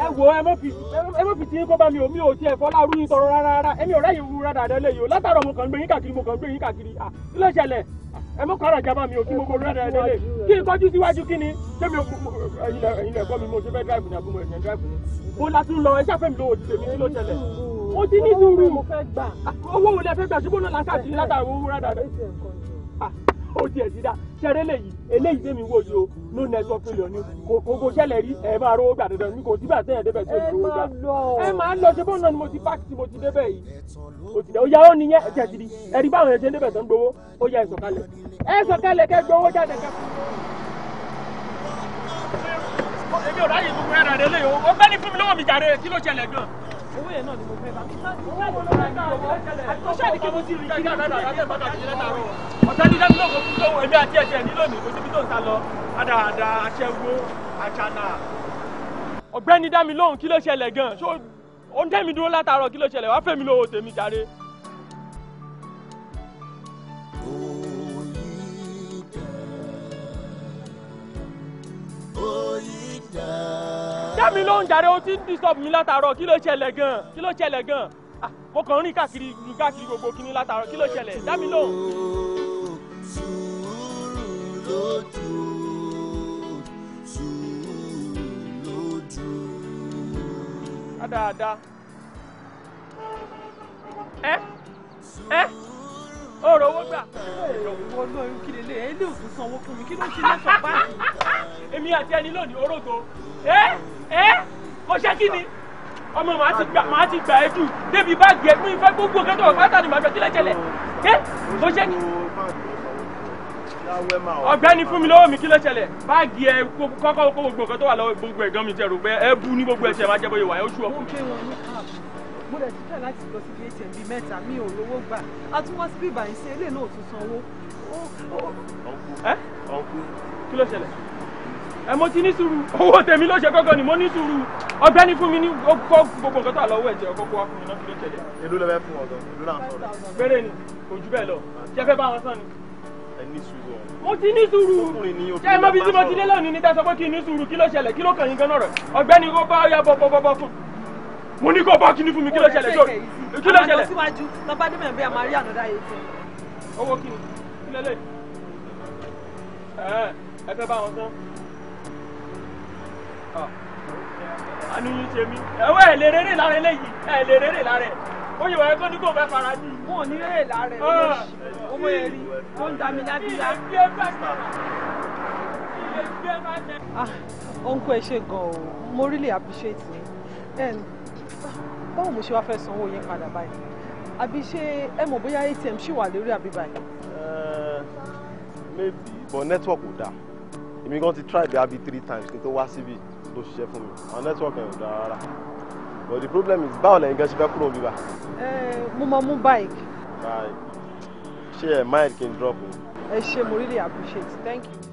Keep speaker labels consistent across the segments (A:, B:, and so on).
A: ẹ wo ẹ
B: mọ fi kó bá mi ò mi ò tiẹ̀ fọ́ láàrú yín tọrọ rárá rárá èmi ò ráyè wúra dáadáa lẹ́yìn o látàrọ mo kàn gbé yín káàkiri mo kàn gbé yín káàkiri à kí ló ẹ mọ kọ́ra ìjábá mi ò kí gbogbo rẹ̀ dáadáa lẹ́yìn kí n kọjú síwájú kí ni ṣé mi ò ẹ̀yin ẹ̀kọ́ mi mo ṣe fẹ́ dráìbù ní àbúrò ẹ̀yìn dráìbù ní. mo láti lọ ẹ ṣàfẹ́ mi lówó ti tèmi ló ṣẹlẹ̀ o ti ní sùúrù owó wo lẹ fẹ́ gbà ṣùgbọ́n ó di ẹ̀sìn dá ṣẹ́rẹ́ lèyí eléyìí tèmi wò yìí o no network failure ni kò kò ṣẹlẹ̀ rí ẹ̀ máa rówó gbà dandan ní kò sígbà sẹ́yìn débẹ̀ tó lówó gbà ẹ máa lọ ṣe fóònù náà ni mo ti páàkì tí mo ti débẹ̀ yìí o ti dẹ̀ òyà ó nìyẹn ẹ̀jẹ̀ ti di ẹ̀rí báwọn ẹ̀ṣẹ̀ débẹ̀ tó ń gbowó ó yẹ ẹ̀sọ̀kalẹ̀ ẹ̀sọ̀kalẹ̀ kẹ́ gbowó jáde kẹ́ èmi ò ráyè gbogbo ẹ̀rọ fún mi lọ́wọ́ owó yẹn náà ni mo fẹ́ bá mi. ó ṣáà ní kí mo ti rí kí mo ti rí. ọ̀tá ní dájú lóko fún ló ṣẹlẹ̀ gan-an ṣó ó ń dúró látàárọ̀ kí ló ṣẹlẹ̀ wá fẹ́mi lówó tèmi jàre. Oh, yeah dámi ló ń jàre o ti ń disturb mi látàárọ̀ kí ló ṣẹlẹ̀ gan kí ló ṣẹlẹ̀ gan mo kàn ń rìn káàkiri lu káàkiri gbogbo kíní látàárọ̀ kí ló ṣẹlẹ̀ dámi ló. dáadáa ẹ ẹ ọ̀rọ̀ owó gbà. ìwọ lọ irú kí lélẹ̀ ẹ ní òtún sanwó fún mi kí ló ṣe lẹ́sọ̀ báyìí. èmi àti ẹni lónìí orógo ẹ ẹ mo ṣe kí ni ọmọ màá ti gbà màá ti gbà ẹ jù débi báàgì ẹ fún ìfẹ́ gbogbo kẹtọ pátá ni màá bẹ kílẹ̀ jẹlẹ̀ ẹ mo ṣe kí. ọ̀gbẹ́ni fún mi lọ́wọ́ mi kílẹ̀ jẹlẹ̀ báàgì ẹ kọ́kọ́ gbogbo kẹtọ wà lọ́wọ́ gbogbo ẹ̀gán mi jẹ rògbẹ́ ẹ bu ní gbogbo ẹ̀ṣẹ̀ máa jẹ bóyá wà ẹ ó ṣù
A: mo rẹ̀ ti tẹ̀ láti lọ síbi atm bíi mẹ́ta mi ò rówó gbà á tún wá síbí ìbàyìn sí eléyìí náà tún sanwó.
B: ọ̀nkú kí ló ṣẹlẹ̀ ẹ mo ti ní sùúrù owó tèmi ló ṣe kọ́kọ́ ni mo ní sùúrù ọ̀gbẹ́ni fún mi ní kọ́ gbogbo nǹkan tó àlọ́wọ́ ẹ̀jẹ̀ ọkọ̀ wa fún mi náà kí ló ṣẹlẹ̀. èló lẹ fẹ́ fún ọ̀dọ́ èló là ń sọ̀rọ̀. ni kò jù bẹ́ẹ̀ lọ ṣe fẹ́ bá wọn sàn ni. ẹ ní sùúrù ọ. mo ti ní sùúrù ṣe mọ bí tí mo ti dé lónìí ní tẹ́sán pé kí ní sùúrù kí ló ṣẹlẹ̀ kí ló kàn yín gan náà rẹ̀ ọ̀gbẹ́ni kó bá ọyà bọ̀ bọ̀ bọ̀ fún mo ní kó bá kíní fún mi kí ló ṣẹlẹ̀ tó kí ló ṣẹlẹ̀.
A: síwájú bàbá dé mẹ́rin bí a máa rí ànádá
B: yìí fún un. owó kíni kí lélẹ̀ ẹ fẹ́ bá wọn tán. àánú ah. yín ṣe mí. ẹ̀wọ́ ẹ̀ lè rere lára eléyìí ẹ̀ lè rere lára ẹ̀ ó yẹ wáyé tó ní kó fẹ́ fara jù. mo ò ní rere lára ẹ̀ ah. owó erin tó ń dami lábíyá. ilé gbé bá tẹ. ah
A: uncle ẹ ṣe gan o mo really appreciate you báwo mo ṣe wá fẹ́ sanwó yẹn padà báyìí àbí ṣé ẹ mọ̀ bóyá atm ṣì wà lórí àbí báyìí.
C: Eh, maybe but network ò dáa èmi gan ti try bí abi three times kí n tó wá síbi tó ṣiṣẹ́ fún mi àwọn network yẹn ò dáa rárá but the problem is báwo lẹ́yìn gan ṣe fẹ́ kúrò bí bá.
A: Eh, mo máa mú bike.
C: bike ṣé ẹ mind kí n drop o.
A: ẹ eh, ṣe mo really appreciate thank you.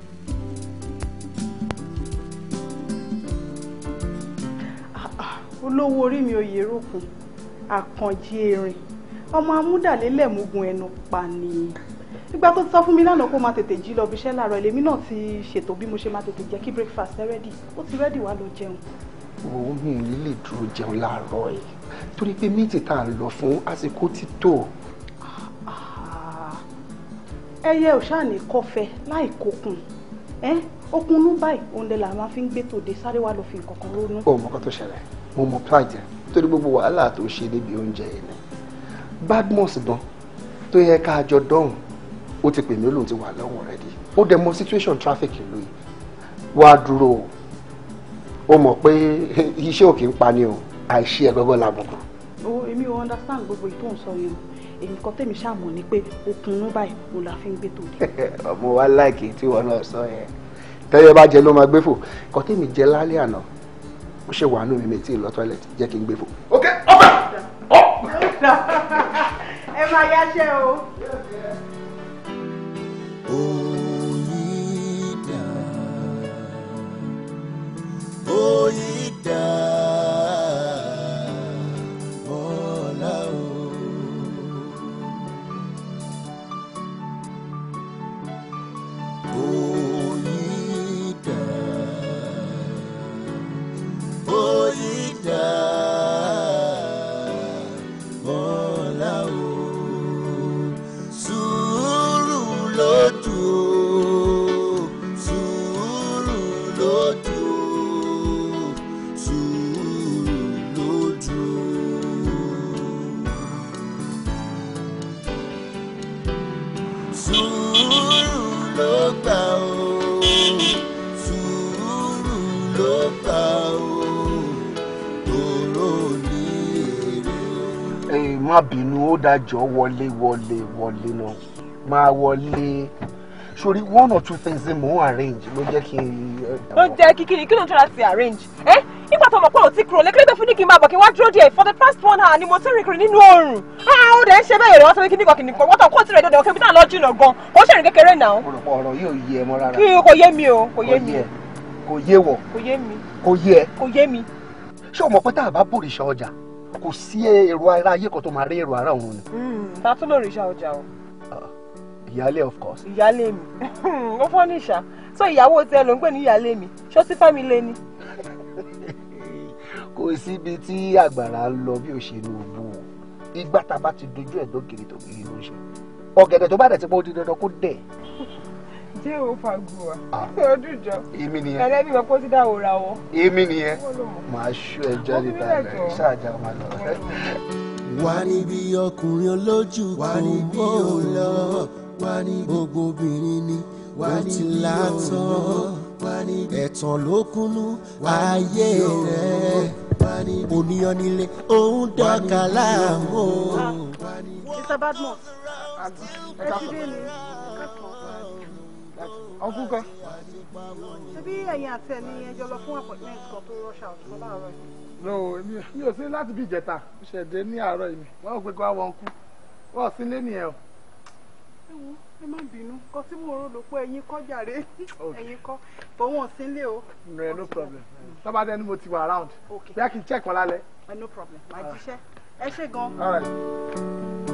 A: olówó orí mi oyèrúkun àkànjì erin ọmọ amúdàlélẹ̀ mugun ẹnu pa ni nígbà tó sọ fún mi lánàá kó máa tètè jí lọ ibiṣẹ́ láàárọ̀ èlèmi náà ti ṣètò bí mo ṣe máa tètè jẹ́ kí breakfast ẹ rẹ́dì ó ti rẹ́dì wá lọ jẹun.
D: òun ní lè dúró jẹun láàárọ̀ ẹ̀ torí pé méjì tá à ń lọ fún àsìkò ti tó. Ah,
A: ẹyẹ ò ṣáà ní kọfẹ láì kókun okun nú báyìí òun lè là máa fi ń gbé tòde sáré wá lọ fi nǹkan kan lónú. ó mọ
D: kó tó ṣẹlẹ̀ mo mọ pride torí gbogbo wàhálà tó ṣe níbi oúnjẹ yìí ni badmus gan tó yẹ ká jọ dọ́hùn ó ti pè mí olóhùn ti wà lọ́hùn already ó dẹ̀ mọ situation traffic ìlú yìí wá dúró o ó mọ̀ pé iṣẹ́ òkè ń pa ni o àìṣe ẹ̀ gbọ́gbọ́ làbùkù.
A: o èmi ò understand gbogbo ìtò ń sọ yẹn èmi kan tèmi ṣàmọ̀ ni pé okùnú báyìí mo là fi ń gbé tòde.
D: ọmọ wa láìkì tí wọn náà sọ yẹn tẹ́yẹ bá jẹ ló máa gbé fò kọ́tẹ́mi jẹ lálẹ́ àná mo ṣe wà nínú mi tí ì lọ toilet jẹ́ kí n gbé fò.
A: ok ọba. ẹ máa
E: yáṣẹ́ o. oyin dà oyin.
D: dájọ́ wọlé wọlé wọlé náà máa wọlé sori one or two things mo ń arrange ló jẹ́ kí n. Eh,
A: ó jẹ́ kíkiri kí ló ń tọ́ra ti arrange ẹ́ eh? nígbà tó mọ̀ pé ò ti kúrò lẹ́kẹ́lẹ́gbẹ́ fún ní kí n máa bọ̀ kí n wá dúró díẹ̀ for the past one hour ni mo ti rìn kiri nínú oòrùn ah, ó dẹ̀ ń ṣe bẹ́ẹ̀ rẹ̀ wọ́n sọ pé kí nìkan kìnìkan wọ́n tàn kó tirẹ̀ dọ̀dọ̀ kébí náà lọ jìnnà gan kó ṣèrìn kékeré náà.
D: ọ̀rọ̀ yóò yé ẹ mọ́ rárá. kí kò yé mi o kò yé mi. kò yé wọ. kò yé mi. kò yé ẹ. kò yé mi. ṣé o mọ̀ pé tá a bá bòrìṣà ọjà kò sí èrò ara ayé kan tó máa rí èrò ara òun ni.
A: Hmm, ta tún lò ríṣà ọjà o. Ah,
D: ìyáálé of course. ìyáálé mi
A: ó fọ́ ní ìṣá so ìyàwó tiẹ̀ ló ń pè ní ìyáálé mi ṣó sí fámìlì ni.
D: kò síbi tí àgbàrá ń lọ bí òṣèlú òbu ìgbà tá a bá ti dojú ẹ̀ dókèrè tó kiri ló ń ṣe ọ̀gẹ̀dẹ̀ tó bá dẹ̀ ti pọ̀ di dandan kó dẹ̀
A: ṣé o fagùwà ah. ọdúnjọ èmi nìyẹn ẹlẹ́bí kan kó dáwọ́ ra wọ. èmi nìyẹn
D: màá ṣú ẹ jáde tàbí ṣáàjà máa lọ.
E: wà níbi ọkùnrin olójú kan ó lọ gbogbo obìnrin ni ó ti látàn ẹ̀tàn ló kúnnú ayé rẹ̀ oníyan nílé òun dọ́kà láàmú.
A: Mr. Badmus ọkú kan. ṣebí ẹ̀yin àti ẹ̀mí ẹjọ́
B: lọ fún appointment kan tó rush out fún láàárọ̀ yìí.
D: no èmi mi ò sí láti bí ìjẹta ṣẹ̀dẹ̀ ní àárọ̀ yìí wọ́n ò pé kí wọ́n wọ́n kú wọ́n sí lé nìyẹn o.
A: ẹ wo ẹ má bínú kọ tí mo rò ló pé ẹ̀yin kọ́ jàre
D: ẹ̀yin kọ́ òun ò sí lé o. no no problem tọ́ba dẹ́ni mo ti wà around bí a kì í check wọn lálẹ́. Eh, no problem màá jíṣẹ́ ẹ ṣe gan. all right.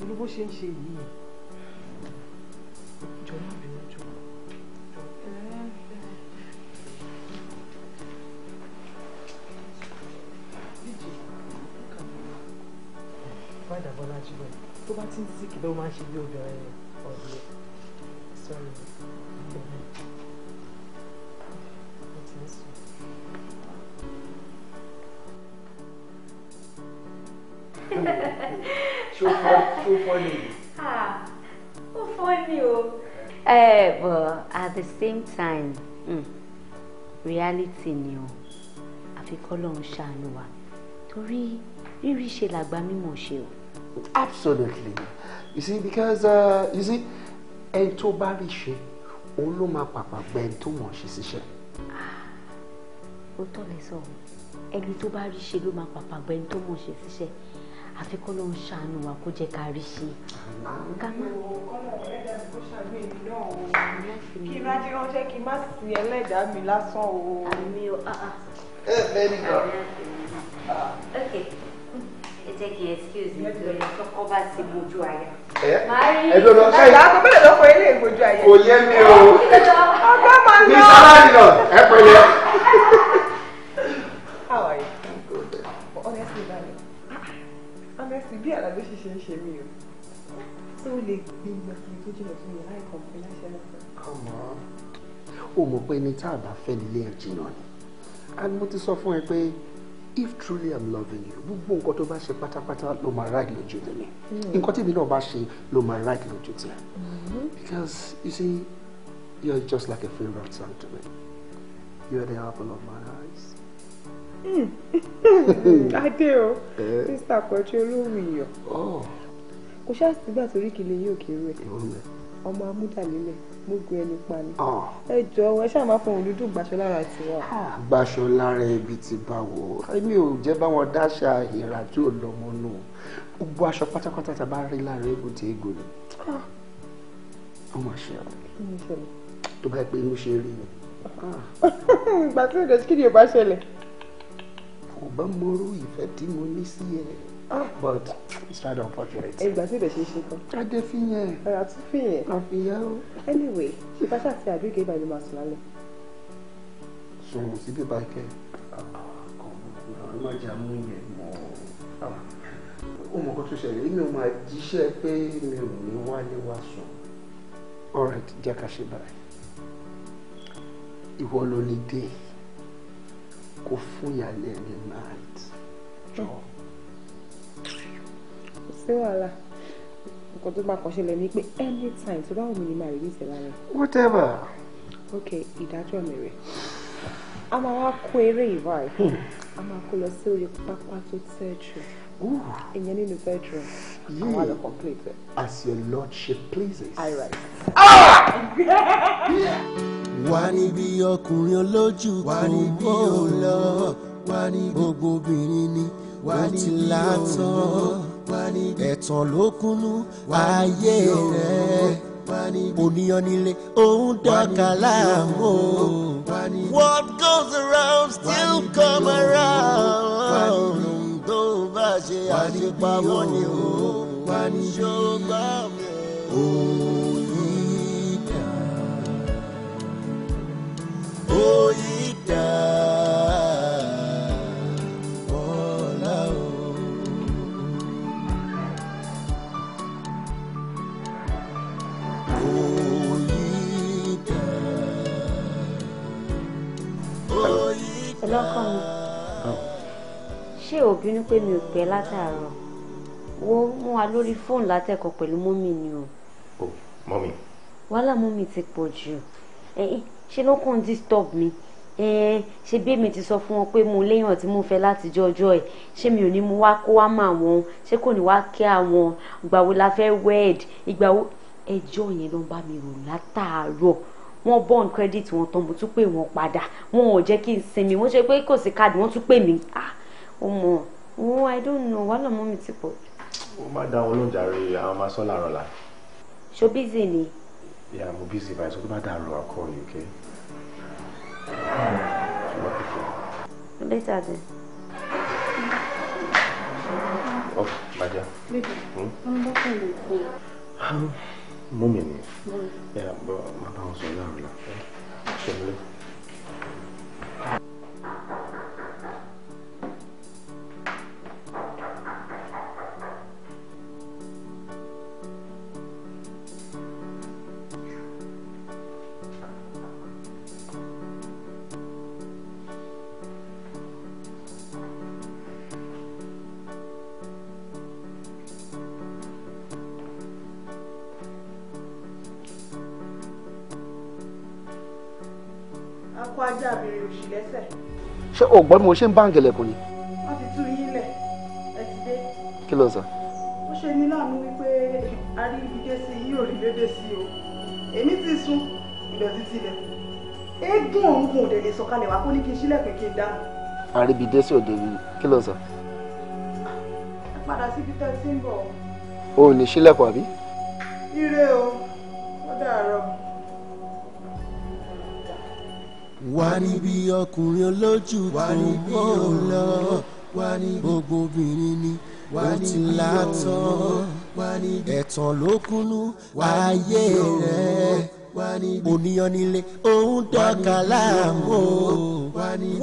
A: olú bó ṣe ń ṣe yìí
F: jọ má bínú jọ.
A: Bọ́lá jí bẹ́ẹ̀ tó bá ti ń sísìkì ló máa ń ṣe bí obìnrin rẹ̀.
G: the same time mm, reality ni o àfi kọ́lọ́run ṣàánú wa torí rírí ṣe làgbà mímọ̀ ṣe o.
D: absolutely you see because
G: uh, you see ẹni tó bá
D: rí ṣe òun ló máa pàpà gbẹ ẹni tó mọ̀ ṣe ṣiṣẹ́. Ah,
G: ó tọ́ lẹ sọ ẹni tó bá rí ṣe ló máa pàpà gbẹ ẹni tó mọ̀ ṣe ṣiṣẹ́ àfi kọ́lọ́run ṣàánú wa kó jẹ́ ká rí ṣe.
A: ká má kí n rájí
G: excuse me torí tọkọ bá ti gbojú àyà. ẹ ló lọ sẹ́yìn. ẹ̀dá àkọ́bẹ̀rẹ̀ lọ́kọ̀ ilé ìgbojú
F: how are you. honestly darling honestly
A: bí àlàbí ṣe ṣe ń ṣe mí o tó lè gbé gbàgbé tó jìnà sí mi láì kọ̀ọ̀kan
D: láṣẹ o mọ̀ pé ní tá a bá fẹ́ nílé ẹ̀ jìnà ni and mo ti sọ fún ẹ pé if truly i'm loving you gbogbo nǹkan tó bá ṣe pátápátá ló máa right lójú tèmi hmm. nǹkan tèmi náà bá ṣe ló máa right lójú tèmi hmm. because you see you're just like a favourite son to me you're the apple of my eyes.
A: Hmm. adé o mr pẹ̀tù olóhùn
E: iyọ̀
A: kò ṣáà sígbà torí kìlẹ̀ yóò kéré ẹ̀ ọmọ amúdàlélẹ̀ mo gun ẹni pa ni ah. ẹ jọ̀wọ́ ẹ ṣáà máa fohùn dúdú gbaṣọ lára tiwa.
D: gbaṣọ lára ibi ti báwo èmi ò jẹ́ báwọn dáṣà ìrà tí ò lọ́mọ nù gbogbo aṣọ pátápátá tá a bá rí lára egun tí egun ni wọ́n ah. máa ṣe ọ́ tó bá pé inú ṣe rí ni. Ah. ìgbà tí ìdọ̀tí kìnìún bá ṣẹlẹ̀. kò bá mọrú ìfẹ́ tí mo ní sí ẹ ah but it's not unfortunate. ìgbà tí ibẹ̀ ṣe ṣe kan. adé fi yẹn. ara tún fi yẹn. a yẹn o.
A: anyway ìbáṣà àti àbíkẹ́ ìbàdàn máa sùn lálẹ́.
D: sùn sí bíbá kẹ́ ọ̀rọ̀ má jà mú yẹn mọ́ ah, ó mọ̀ kó tó ṣẹlẹ̀ èmi ò máa jíṣẹ́ pé mi ò ní wálé wá sùn. all right jẹ́ ká ṣe báyìí ìwọ ló ní dé kó fún ìyàlẹ́ ní night
E: jọ̀ọ́
A: sí wàhálà nǹkan tó bá kàn ṣẹlẹ̀ pé anytime tó bá wù mí ni màá rí ní ìṣẹ̀lá
D: rẹ̀. whatever.
A: ok ìdájọ́ mi rẹ̀ a máa wá kó eré ìwà rẹ̀ hmm. a máa kó lọ sí orí pápá tó tẹ́ jù ìyẹn nínú
D: bedroom àwọn àlọ́ complete as your lordship pleases. i right. Ah!
E: wà níbi ọkùnrin olójú kò bó lọ wà ní gbogbo obìnrin ni wọ́n ti là ẹ̀tàn ló kúnnú ayé rẹ̀ òníyàn nílé òun dọ́kà láàmú. What goes around still come around. tó bá ṣe àṣepamọ́ ni ó ṣó bá mi.
G: pé mi ò pẹ́ látàárọ̀ wọ́n mú wa lórí fóònù látẹ̀kọ̀ pẹ̀lú mọ́mì ni o.
C: o mọ́mì.
G: wàhálà mọ́mì ti pọ̀ jù ṣe ló kàn disturb mi ṣe bí èmi ti sọ fún wọn pé mo léèyàn tí mo fẹ́ láti jọ ọjọ́ ẹ̀ ṣé mi ò ní mo wá kó wá mọ àwọn ṣé kò ní wá kí àwọn ìgbà wo la fẹ́ wed ìgbà wo ẹjọ́ yẹn ló ń bá mi rò látàárọ̀ wọ́n bond credit wọn tán mo tún pè wọ́n padà wọn ò jẹ́ kí n sinmi wọ́n ṣe pé kò sí káàdì wọ́n tún pè mí ah ó mọ̀ ọ́. Oh, I don't know. Wàhálà mọ́ mi ti pọ̀.
C: Ó má dá wọn lóúnjẹ àárẹ̀ àwọn máa sọ́ làárọ̀ la.
G: Ṣo bízì ni?
C: Ìyá mo bízì báyìí, so tó bá dàrú àkọ́ ni, okay? Later then. Oh, my dear. Baby, hmm?
G: I'm not going to go.
C: Um, mummy ni. Mummy. Yeah, but my boss is not around. Ṣé
D: ṣé o gbọ́ bí mo ṣe ń báǹgì lẹ̀kùn ni.
A: wọ́n ti tú yín lẹ̀ ẹ ti dé. kí ló ń sọ. ó ṣe ní láàánú wípé a rí ibi dé sí yín ò rí lédè sí o èmi ti sùn ìdọ̀tí tilẹ̀ eégún òun kò dé lè sọ̀kalẹ̀ wá kó ní kí n sílẹ̀ pé kí n dáhùn.
D: àríbidẹ́sí òde yìí kí ló ń sọ.
A: ẹ padà síbi tẹ́ ẹ
D: o ò ní sílẹ̀kùn àbí.
A: ire o ó dàárọ̀
E: wá níbi ọkùnrin olójú kan ó lọ gbogbo obìnrin ni ó ti látàn ẹ̀tàn ló kúnnú ayé rẹ̀ oníyan nílé òun dọ́ka láàmú.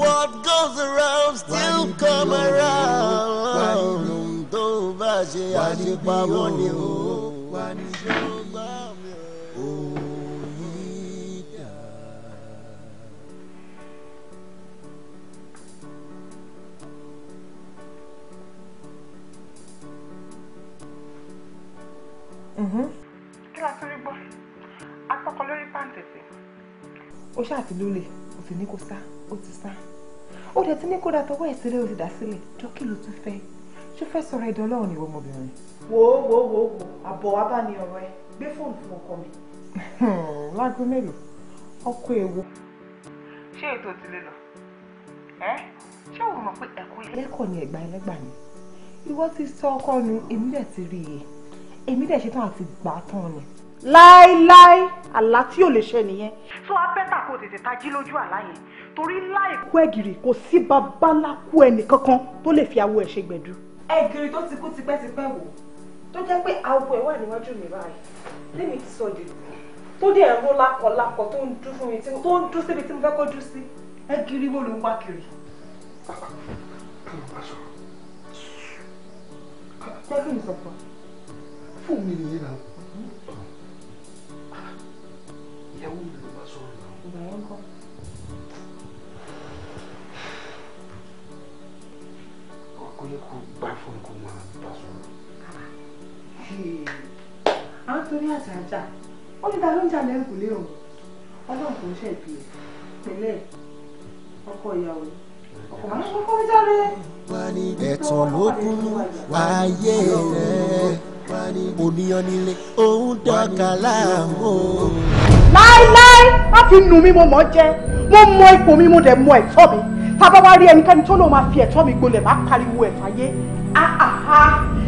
E: what goes around still come around tó bá ṣe àṣepamọ́ ni o.
F: Mm-hmm.
B: kí la tún rí gbọ́ atọ́kọ lórí pàǹtẹ̀tẹ̀.
A: ó ṣáàtì lólè ó sì ní kó sá ó ti sá ó dẹ̀ ti ní kó dàtọ́wọ́ ẹ̀ sílẹ̀ ó ti dà sílẹ̀ jọ́kì ló tún fẹ́ ṣó fẹ́ sọ̀rọ̀ ẹ̀dọ́ ọlọ́run ìwọ ọmọbìnrin. wò ó wò ó wò ó àbọ̀ wa bá ní ọ̀rọ̀ ẹ gbé fóònù fún ọkọ mi. Hmm, lágbo mélòó ọkọ èwo. ṣé ètò ìdílé lọ ẹ ṣé òun mọ̀ pé ẹ̀kọ́ ẹlẹ́kọ̀ọ́ ni ẹ̀gbá ẹlẹ́gbà ni ìwọ ti sọ ọkọ nu èmi ti rí i èmi dẹ̀ ṣetán àti gbà á tán ni. láéláé àlá tí ò lè ṣẹ nìyẹn. tó a bẹ́tà kó tètè tají lójú àlá yẹn torí láìkú ẹ̀gìrì kò sí babaláku ẹnìkankan tó lè fi awọ ẹ̀ ṣe gbẹ̀dú. ẹ̀gìrì tó ti kú tipẹ́tipẹ́ wò tó jẹ́ pé awọ ẹ̀ wà níwájú mi báyìí lèmi ti sọ dìbò tó dẹ̀ ń ró lákọ̀lákọ̀ tó ń dún fún mi tó ń dún síbi tí mo fẹ́ kó dún sí ẹ̀gìrì wo ló ń wá kiri.
D: Thank you, Mr fóònù mi nìyẹn náà. ìyàwó mi ló bá sọ̀rọ̀ náà. ìgbà yẹn kọ́. kó yẹ kó gbá fóònù kó máa bá sọ̀rọ̀.
A: à ń torí àṣà àjà wọ́n ti ta ló ń jà lẹ́yìn kùlé o ọlọ́run kò ń ṣẹ̀bi ẹ̀ pẹ̀lẹ́ ọkọ ìyàwó ọkọ màá ń
E: kọ́kọ́ jáde. ẹ̀tàn ló kún wáyé rẹ̀ oníyan nílé òun dọ́kà láàmú.
A: láéláé má fi nù mí mo mọ̀ jẹ́ mo mọ ipò mi mo dẹ̀ mọ ẹ̀tọ́ mi tábà wá rí ẹnikẹ́ni tó lóun máa fi ẹ̀tọ́ mi gbolẹ̀ má pariwo ẹ̀ fàyè áhàhà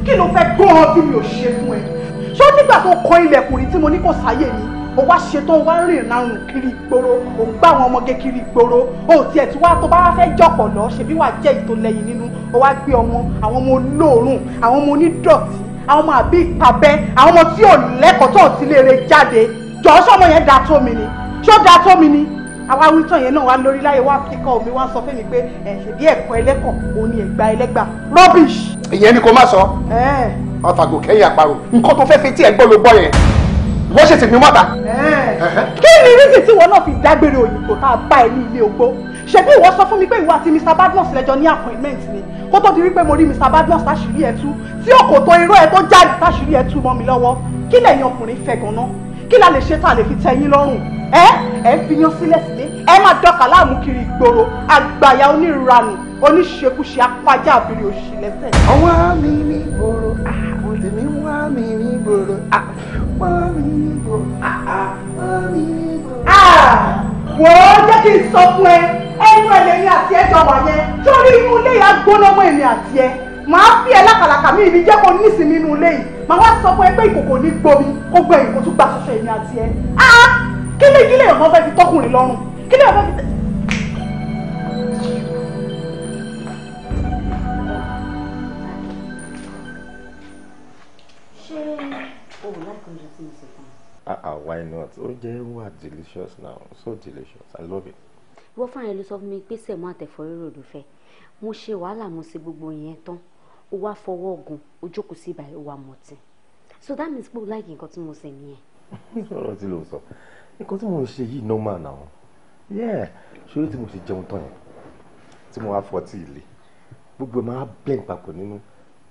A: kí ló fẹ́ gbọ́ ọ bí mi ò ṣe fún ẹ ṣó nígbà tó kọ ilẹ̀kùn rí tí mo ní kò sáyè mi o wá ṣetán o wá rìn lárùn kiri ìgboro o gbá àwọn ọmọge kiri ìgboro o tiẹ̀ tí wàá tó bá wá fẹ́ jọ̀pọ̀ lọ ṣèbí wàá jẹ́ ìtòlẹ́yìn nínú o wá gbé ọmọ àwọn ọmọ olóòórùn àwọn ọmọ onídọ̀tí àwọn ọmọ àbí ìpàbẹ àwọn ọmọ tí ò lẹ́kọ̀ọ́ tó ti léèrè jáde jọ̀ọ́ sọmọ yẹn da tó mi ni ṣó da tó mi ni àwa wíńtọ̀ yẹn náà wá lórí láyé wá kíkọ́ omi wá sọ fẹ́mi pé ẹ̀ ṣèbí ẹ̀kọ́ ẹlẹ́kọ̀ òní ẹ̀gbá ẹlẹ́gbà rubbish.
D: ìyẹn ni kò má sọ ọ̀tàgò kẹ́yìn àparò nǹkan tó fẹ́ fi tí ẹ gbọ́ ló gbọ́ yẹn wọ́n ṣètì mi mọ́ta. kí
A: ni rísì tí wọn náà fi dágbére òyìnbó tá a bá ẹ ní ilé ogbó ṣebí ìwọ sọ fún mi pé ìwọ àti Mr. Badmus lẹjọ ní appointment ni kó tó di wípé mo rí Mr. Badmus táṣìírí ẹ tú tí òkò tó irú ẹ tó jáde táṣìírí ẹ tú mọ́ mi lọ́wọ́ kí lẹ̀yin ọkùnrin fẹ́ ganan kí la lè ṣe tá a lè fi tẹ́ yín lọ́rùn ẹ ẹ fi yan sílẹ̀ sílé ẹ máa dọkà láàmú kiri ìgboro àgbàyà oníranù
D: oníṣekúṣe apájá àbírí òṣì lẹ́sẹ̀. ọwọ́ mi ní
F: gbòòrò àwọn
D: tèmi wá mi ní gbòòrò wá mi ní gbòòrò wá mi
E: ní
A: gbòòrò wò ó jẹ́ kí n sọ fún ẹ ẹnu ẹ̀lẹ́ mi àti ẹ jọ wà yẹn torí inú ilé yà gbóná mọ́ èmi àti ẹ màá fi ẹ lákàlàkà mi ìbí jẹ́ kó nísìmí inú ilé yìí màá wá sọ fún ẹ pé ìkòkò ní gbomi kó gbẹ ìkò tún gba ṣoṣo èmi àti ẹ áá kí lè kí lè ọmọ fẹ́ fi tọkùnrin lọ́rùn kí lè ọmọ fi ṣé
G: o ò láìpẹ́ oúnjẹ tí mo sì fún ọ
C: ah ah why not ó jẹ́ wà delicious now so delicious i love it.
G: ìwọ fúnra ẹ ló sọ fún mi pé sẹ̀mú àtẹ̀fọ́ rírò ló fẹ́ mo ṣe wàhálà mo ṣe gbogbo yẹn tán ó wá fọwọ́ ọ̀gùn ó jókòó sí ìbàyẹ̀ ó mọ̀tì so that means pé o láìkí nǹkan tí mo ṣe nìyẹn.
C: ọ̀rọ̀ tí ló sọ nǹkan tí mo ṣe yìí normal now yeah ṣòro tí mo ṣe jẹun tán yẹn tí mo wá fọtí ilé gbogbo ẹ̀ máa blend papọ̀ nínú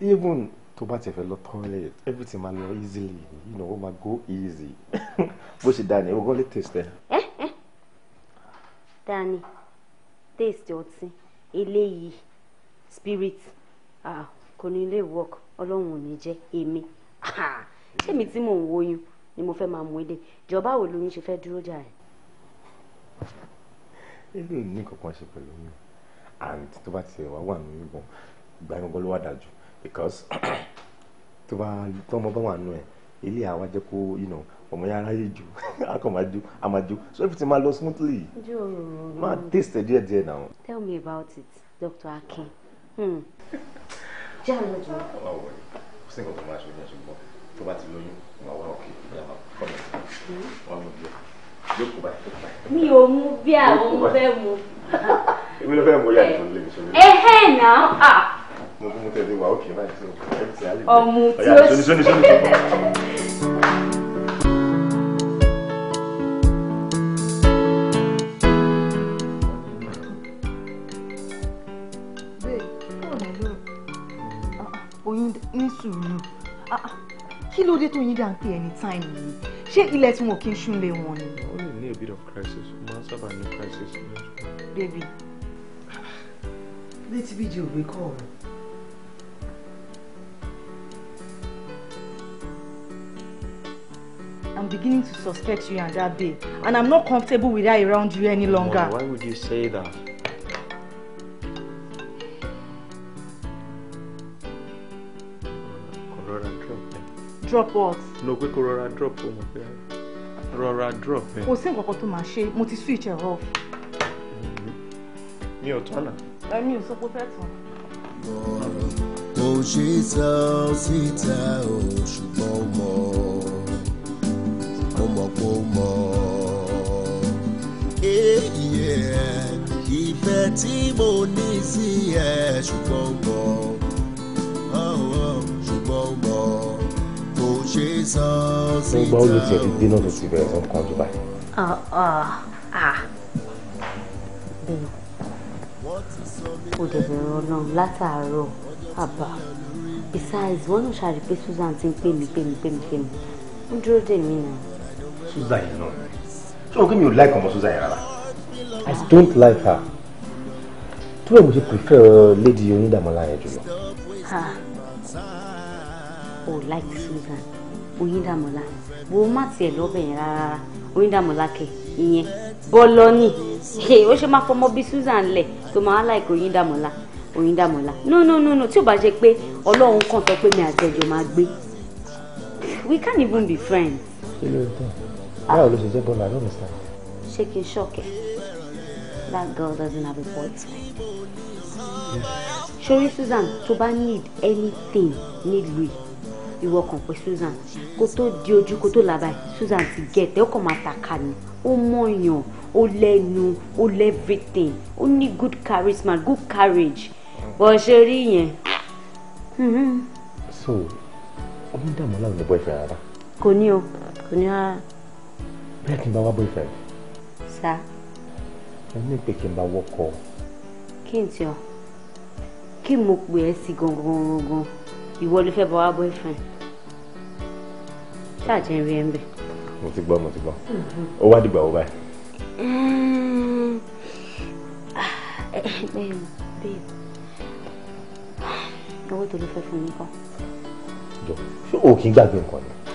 C: even tó bá ti fẹ́ lọ toilet everything máa lọ easily you know ó máa go easy bó ṣe dání ó gọ́lé taste ẹ. Eh, eh.
G: dani taste ọtí eléyìí spirit kò ní lè work ọlọ́run ò ní jẹ́ èmi èmi tí mò ń woyún ni mo fẹ́ máa mú ilé ìjọba wo lóyún ṣe fẹ́ dúró jà ẹ́.
C: eré ní kankan ṣe pẹ̀lú mi and tó bá ti wá wà nínú ìbọn ìgbà yẹn gbọ́ ló wà dájú because tó bá tọmọ bá wà nù ẹ ilé àwa jẹ kó ọmọ yẹn aráyé jù akọ̀májú amájú so everything máa lọ smoothly máa taste díẹ̀ díẹ̀ náà.
G: tell me about it Dr. Akin hmm. jẹ́ àlọ́ jù. ọ̀la wọ̀ ẹ́
C: kó sẹ́kọ̀ọ́ tó máa ṣe ojú ẹ̀ṣin gbọ́ tó bá ti lóyún ìwà wọ́n ọ̀kẹ́ ìyá máa kọ́ mi hmm. wọ́n mú bíọ́ jókòó báyìí jókòó báyìí.
G: mi ò mú bí àwọn fẹ́ mu.
C: èmi ló fẹ́ mu yá eh. ìfọ̀nlẹ́mi sọ mo bí mo tẹ̀lé wà ókè báyìí tó ọmọ tí ó ṣe.
F: Ah, ah, ní sùúrù ah, kí ló dé tó yín dáńpé ẹni táìmù yìí ṣé ilẹ̀ tí wọn kì í súnlé wọn ni. ó
C: lè ní a bit of crisis ó máa ń sábà ní crisis.
F: baby létí bíjì ò gbé kọ́ ọ̀rọ̀ I'm beginning to suspect you and that babe, and I'm not comfortable with her around you any longer. Mom,
B: why would you say that? Rọra
C: drop ẹ.
E: Eh?
F: Drop what?
C: No, pé kò drop o mo fẹ́. Rọra drop ẹ. Eh? Kò
F: sí nǹkan kan tó máa switch ẹ̀ off. Me mm-hmm. ò tọ́nà.
G: Ẹ̀mi ò sọ pé fẹ́ tán.
E: Mo ṣe ta ó sì ta ó mo mọ̀ kó mọ̀ ìfẹ́ tí mo ní sí ẹ ṣùgbọ́n mọ̀ ṣùgbọ́n mọ̀ kò ṣe é san síta. nígbà olùsẹ̀ ti
C: dínà tó ti bẹ̀rẹ̀ sọ kan jù báyìí. o
G: ah, ah, ah. dẹ̀ bẹ̀rẹ̀ ọlọ́run látàárọ̀ àbá besides wọn náà ṣàrí pé Susan ti ń pè mí pè mí pè mí pè mí ń dúró dè mí náà.
C: Suza yìí náà ṣé òun kí mi ò like ọmọ Suza I don't like her tó bẹ́ẹ̀ mo ṣe prefer uh, lady onídàmọ́lá yẹn jùlọ.
G: o like Suza onídàmọ́lá wo má tiẹ̀ lọ́bẹ̀ yẹn rárá onídàmọ́lá kẹ ìyẹn bọ́lọ́nì ó ṣe máa fọmọ bí Susan le. tó máa like mola? onídàmọ́lá mola. no no no no tí o bá jẹ́ pé Ọlọ́run kàn sọ pé mi àti ẹjọ́ máa we can't even be friends
C: báwo ló ṣe jẹ́ bọ́ọ̀lù àdó mi
G: sàn. ṣé that girl doesn't have a boyfriend. ṣorí Susan tó need anything Need we? You work on, pé Susan koto tó koto labai. Susan ti gẹ̀tẹ́ ó kàn máa tàka ni ó mọ̀yàn ó o ó lẹ́verything ó good charisma good courage bọ́ ṣe rí Hmm.
C: so ọmọ dààmú láwọn boyfriend rárá.
G: kò ní o kò ní
C: pé kí n bá wá boyfriend. sá. mo ní pé kí n bá wọkọ.
G: kí n tí ọ kí mo pè ẹ́ sí gangan gangan ìwọ ló fẹ́ bá wá boyfriend ṣáà jẹ́ rí ẹ̀ ń bẹ̀.
C: mo ti gbọ́ mo ti gbọ́ ó wá dìgbà wo báyìí.
G: babe owó tó ló fẹ́ fún mi kọ́.
C: jọ ṣé o kì í gbàgbé nǹkan ni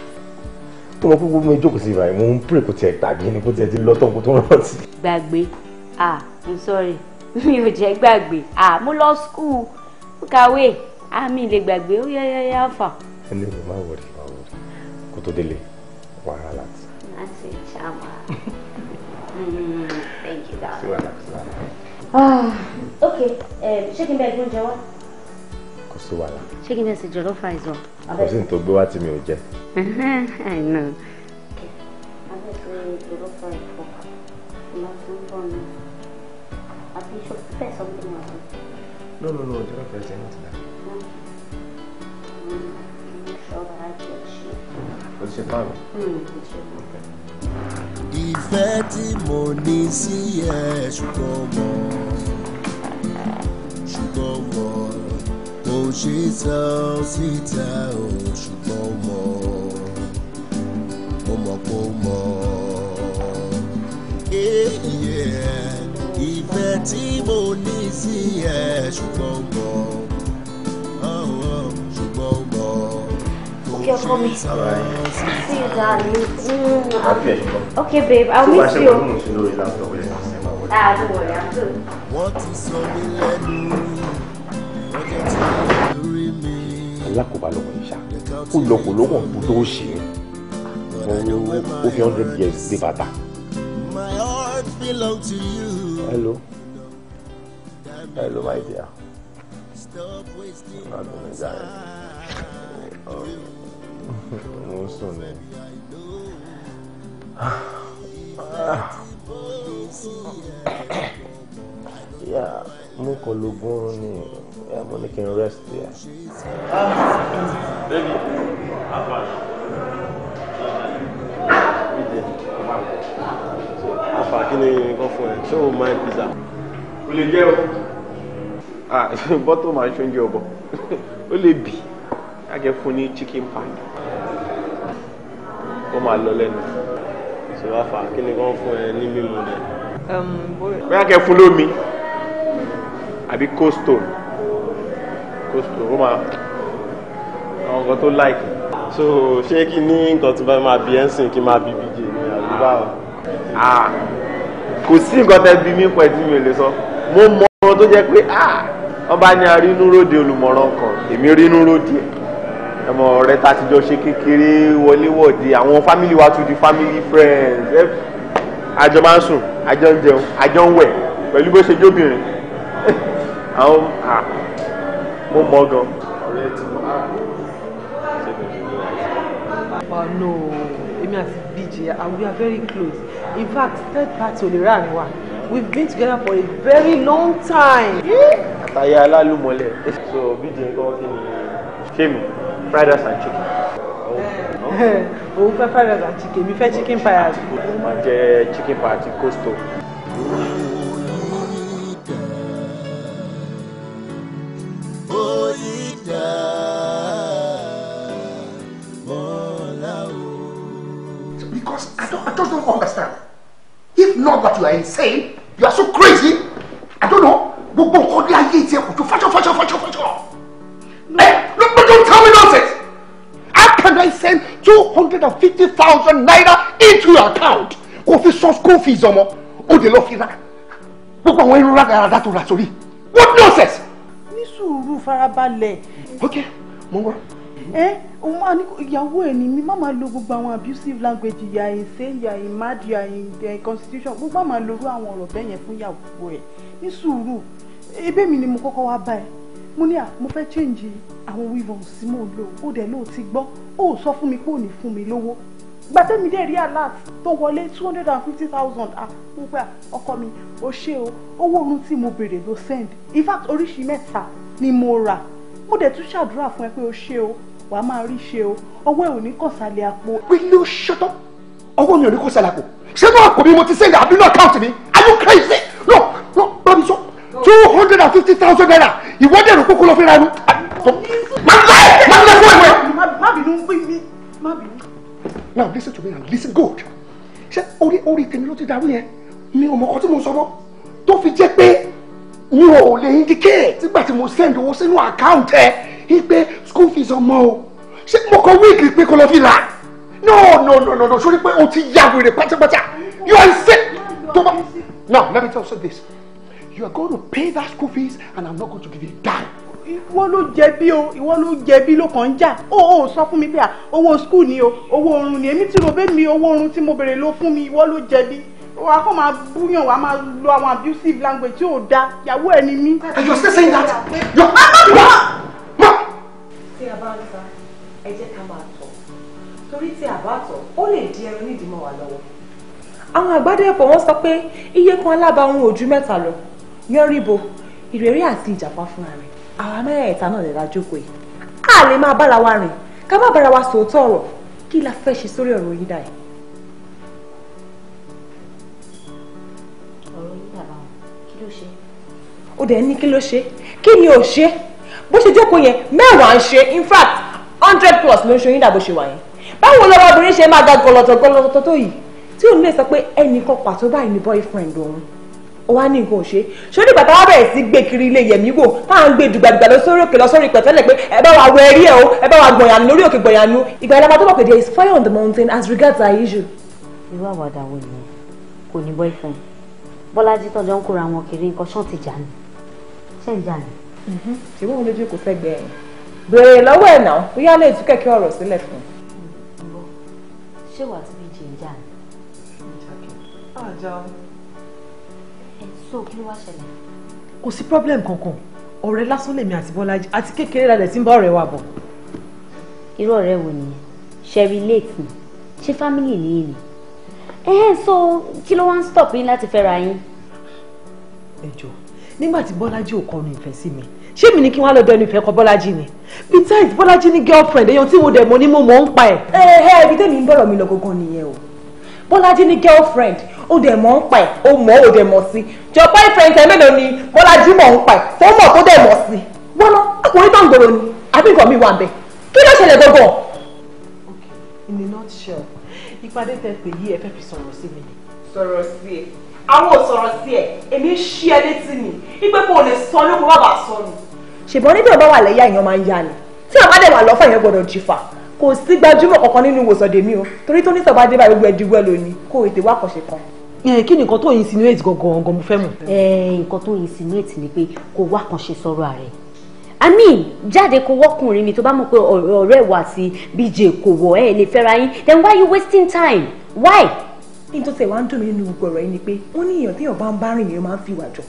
C: tó mọ kúkú mi jókòó sí ibà yìí mo ń pè kò tiẹ̀ gbàgbé ni kò tiẹ̀ ti lọ́tọ̀ kó tó ń rántí.
G: gbàgbé ah i'm sorry mi ò jẹ́ gbàgbé ah mo lọ school mo kàwé ah mi lè gbàgbé ó yẹ́yẹ́ alpha.
C: ẹni mi máa wọrí máa wọrí kó tó délé wàhálà tí.
G: láti ṣàmà mm, thank you darling. Ah, okay ṣé kí n bẹ gbóúnjẹ wá sí wàhálà. ṣé kí n tẹ̀sí jọ̀lọ́ fa ìzọ.
C: kò sí ní tó wá tí mi ò jẹ. àìnà. No, no, no, jọ̀lọ́ fa ìzọ náà
E: Ìfẹ́ tí mo ní sí ẹ̀ ṣùgbọ́n mọ́ ṣùgbọ́n mọ́ kò ṣe sọ síta o ṣùgbọ́n ó mọ̀ ó mọ̀ kó mọ̀ ìfẹ́ tí mo ní sí ẹ ṣùgbọ́n ó mọ̀
G: ṣùgbọ́n ó mọ̀ Okay, mm, babe, I'll miss you
C: alákòóbá lọmọ ìṣá ó lọkọ lọkọ tó tó ṣe ni ó fi hundred years gbé bàtà. hello hello my
E: dear adùn ìgbà yẹn mo ń sùn ní. Ah.
C: Ah. yeah mo kàn lo gun ni mo ní kí n rest there. baby afa afa kí ni nǹkan fún ẹ ṣé o máa ń pizza. o lè jẹ o. ah bọ́tò máa ń ṣoúnjẹ ọ̀bọ̀ o lè bì á jẹ́ fún ní chicken pan
B: ó máa lọ lẹ́nu ṣé wàá fà kí ni nǹkan fún ẹ ní mímu rẹ.
G: Um, bóyá
B: kẹ́ fún lómi àbí
C: cold stone cold stone ó máa àwọn nǹkan tó láìkì. so ṣé kí ní nǹkan tí bá máa bí ẹ̀sìn kí máa bí bíjì ni àbí báwo. kò sí nǹkan tẹ́ bí mí pẹ̀ mi ò lè sọ mo mọ ohun tó jẹ́ pé wọ́n bá ní arínú ròde olùmọ̀ràn kan èmi rínú ròde ẹ̀ ẹmọ ọ̀rẹ́ tá a ti jọ ṣe kékeré wọléwọ̀de àwọn fámìlì wa tún di family friends àjọ máa ń sùn àjọ ń jẹun àjọ ń wẹ̀ pẹ̀lú bó ṣe jóbìnrin àwọn à ah. mo mọ gan.
F: ọ̀rẹ́ tí mo á ṣe bẹ̀rẹ̀
C: lọ́wọ́.
A: oh no ah, we are very close in fact third party ò lè rà ní wa we have been together for a very long time.
B: àtàyà alálùmọ́lẹ̀ so bj nǹkan kí ni ṣé fried rice and chicken
A: òun fẹ́ fried rice and chicken mi fẹ́ chicken pie àti. mo jẹ
E: chicken pie àti coleslaw.
D: Because I don't, I just don't understand. If not that you are insane, you are so crazy. I don't know. But Gbogbo nǹkan the ayé ti ẹ̀kọ́ tó fájọ́ fájọ́ fájọ́ fájọ́. Ẹ ló pé eh, don't tell me nonsense. How can I send two hundred and fifty thousand naira into your account? Kò fi san school fees ọmọ, ó dé lọ fi ra. Gbogbo àwọn irun rádaràdà tó rà sórí.
E: What
A: nonsense? sùúrù farabalẹ̀. ok mo wá. ẹ o máa ní ìyàwó ẹ ni mi má máa lo gbogbo àwọn abusive language ìyà ìṣe ìyà ìmád ìyà constitution gbogbo àwọn máa lo irú àwọn ọ̀rọ̀ bẹ́ẹ̀ yẹn fún ìyàwó ẹ ní sùúrù ebí mi ni mo kọ́kọ́ wá bá ẹ mo ní à mo fẹ́ change àwọn weavons tí mò ń lò ó dẹ̀ lóò ti gbọ́ ó sọ fún mi pé ò ní fún mi lówó gbàtẹ́mi dé rí alert tó wọlé two hundred and fifty thousand ah mo gbà ọkọ mi ó ṣe o owó oorun tí mo béèrè ló send in fact oríṣi mẹ́ta ni mo rà mo dẹ̀ tún ṣàdúrà fún ẹ pé o ṣe o wà á máa rí ṣe o ọwọ́ ẹ ò ní kàn sálẹ̀ àpò. will you shut up
D: ọwọ́ mi ò ní kàn sálẹ̀ àpò ṣé náà kò bí mo ti send àbí náà mi are you crazy no no bá mi sọ two hundred and fifty thousand naira ìwọ́dẹ̀ rò kókó lọ fi ra ẹnu.
A: má bẹ́ẹ̀ má bẹ́ẹ̀ fún ẹ̀wẹ̀. má bínú pé mi má bínú.
D: now listen to me and listen good ṣé orí orí tèmi ló ti dàrú yẹn mi ò mọ̀ ọkọ tí mo sọ mọ́ tó fi jẹ́ pé mi ò lè indicate nígbà tí mo send owó sínú account ẹ yí pé school fees ọmọ o ṣé mo kọ wíìkì pé kó lọ fi là no no no no no sori pé o ti ya wèrè pátápátá you are sick tó bá now let me tell you this you are going to pay that school fees and i'm not going to give you a
A: dime. ìwọ ló jẹ̀bi o ìwọ ló jẹ̀bi ló kàn ń jà ó ó sọ fún mi bí owó school ni o owó oorun ni èmi tí mo bẹ́ẹ̀ mi owó oorun tí mo bèrè ló fún mi ìwọ ló jẹ̀bi wa kọ́ máa búyàn wa máa lo àwọn abusive language tí ò da ìyàwó ẹ̀ ni mí. and you are still saying that your mama ma ma. tí a
F: bá ń ta ẹ jẹ́ ká máa
A: tọ̀ torí tí a bá tọ̀ ó lè di ẹran nídìí mọ́ wa lọ́wọ́. àwọn àgbàdo ẹ̀fọ́ wọn sọ pé iye kan alábàáhùn ojú mẹ́ta lọ yọríbo ìrèrí àti ìjàpá fúnra rẹ̀ àwa mẹ́rẹ̀ẹ̀ta náà lè la jókòó yìí. a lè máa bára wa rìn ká má bára wa sòótọ́ ọ̀rọ̀ kí la fẹ́ ṣe sórí ọ̀rọ̀ yìí dáa ó dẹ̀ ní kí ló ṣe kí ni ò ṣe bó ṣe jókòó yẹn mẹ́wàá ń ṣe in fact hundred plus ló ń ṣe oyún ṣe wà yẹn báwo lọ́wọ́ obìnrin ṣe máa ga gọlọtọ̀ gọlọtọ̀ tó yìí tí òun lè sọ pé ẹnìkan pàtó báyìí ni boyfriend òun ó wá ní nǹkan ò ṣe ṣórí bàtà wa bẹ̀rẹ̀ sí gbé kiri ilé yẹ̀mí wò táà ń gbé dùgbàdùgbà lọ sórí òkè lọ sórí pẹ̀tẹ́lẹ̀ pé ẹ bá wa wọ ẹrí ẹ o ẹ bá wa gbọ̀yànú lórí òkè gbọ̀yànú
G: ìgbà ìlànà tó mọ̀ pé there is fire on the mountain as regards our issue. irú àwàdà wo nìyẹn kò ní boyfriend bọ́lájí tọ́jọ́ ń kóra wọn kiri nǹkan ṣọ́ọ̀tì jà ni. Mm-hmm. Mm-hmm. ṣé ìyá ni. ṣé wọn lójú kò fẹ́ gbẹ ẹ̀yìn béèrè lọ́wọ́ ẹ̀ náà bóyá lè tú kẹ̀kẹ́ ọ̀rọ̀ sílẹ̀ fún un. ṣé wàá ti fi jẹ ìyá ni. Ah, ẹ so kí ló wá ṣẹlẹ̀.
A: kò sí problem kankan
G: ọ̀rẹ́ lásán lèmi àti Bọ́lájí àti kékeré la lè ti ń bá ọ̀rẹ́ wa bọ̀. irú ọ̀rẹ́ wo nìyẹn ṣe relate ni ṣe family ni yìí ni ẹ so kí ló wá ń stop yín láti fẹ́ra yín. ẹ jọ̀ọ́ nígbà tí
A: bọ́lájí ò kọnu ìfẹ́ sí mi ṣé mi ni kí wọ́n lọ dẹnu ìfẹ́ kọ bọ́lájí ni besides bọ́lájí ní girlfriend èèyàn tí mo dẹ̀ mọ́ ni mo mọ̀ ń pa ẹ̀. ẹ ẹ ibi tẹ́mi ń bọ̀rọ̀ mi lọ gangan nìyẹn o bọ́lájí ní girlfriend o dẹ̀ mọ̀ ń pa ẹ̀ ó mọ̀ ó dẹ̀ mọ̀ sí jọ boyfriend ẹ mélòó ni bọ́lájí mọ̀ ń pa ẹ̀ tó mọ̀ tó dẹ̀ mọ̀ sí. wọ́n lọ ọkùnrin tó ń gbòòrò mi wà ń bẹ̀ kí ló in a nutshell ìpàdé tẹ pè yí ẹ fẹ́ fi sọ̀rọ̀ sí àwọn ò sọ̀rọ̀ sí ẹ̀ èmi ń ṣí ẹ létí ni wípé kò lè sọ ní kó bàbà sọ ni. ṣùgbọ́n níbi ọba wà lẹ́yà èèyàn máa ń yá ni tí àbá dẹ̀ wà lọ́fà yẹn gbọ́dọ̀ jìfà kò sí gbajúmọ̀ kankan nínú ìwòsàn dèmí o torí tó ní sọ̀bá dé báyìí gbẹdú wẹ́ lónìí kó ètè wá kọ̀ṣe kan.
G: Eh, kí ni nǹkan tó insinuate gangan gangan mo fẹ́ mọ̀. Eh, nǹkan tó insinuate ni pé kó wá kàn ṣe sọ̀rọ̀ ààrẹ i mean jáde kó wọ́kùnrin mi tó bá mọ̀ pé ọ̀rẹ́ wa àti bj kò wọ̀ ẹ́ lè fẹ́ra yín then why you wasting time why ní tó tẹ̀ wá ń dùn mí nínú gbogbo
A: ọ̀rọ̀ yìí ni pé wọ́n ní èèyàn téèyàn bá ń bá rìn èèyàn máa ń fi ìwà jọ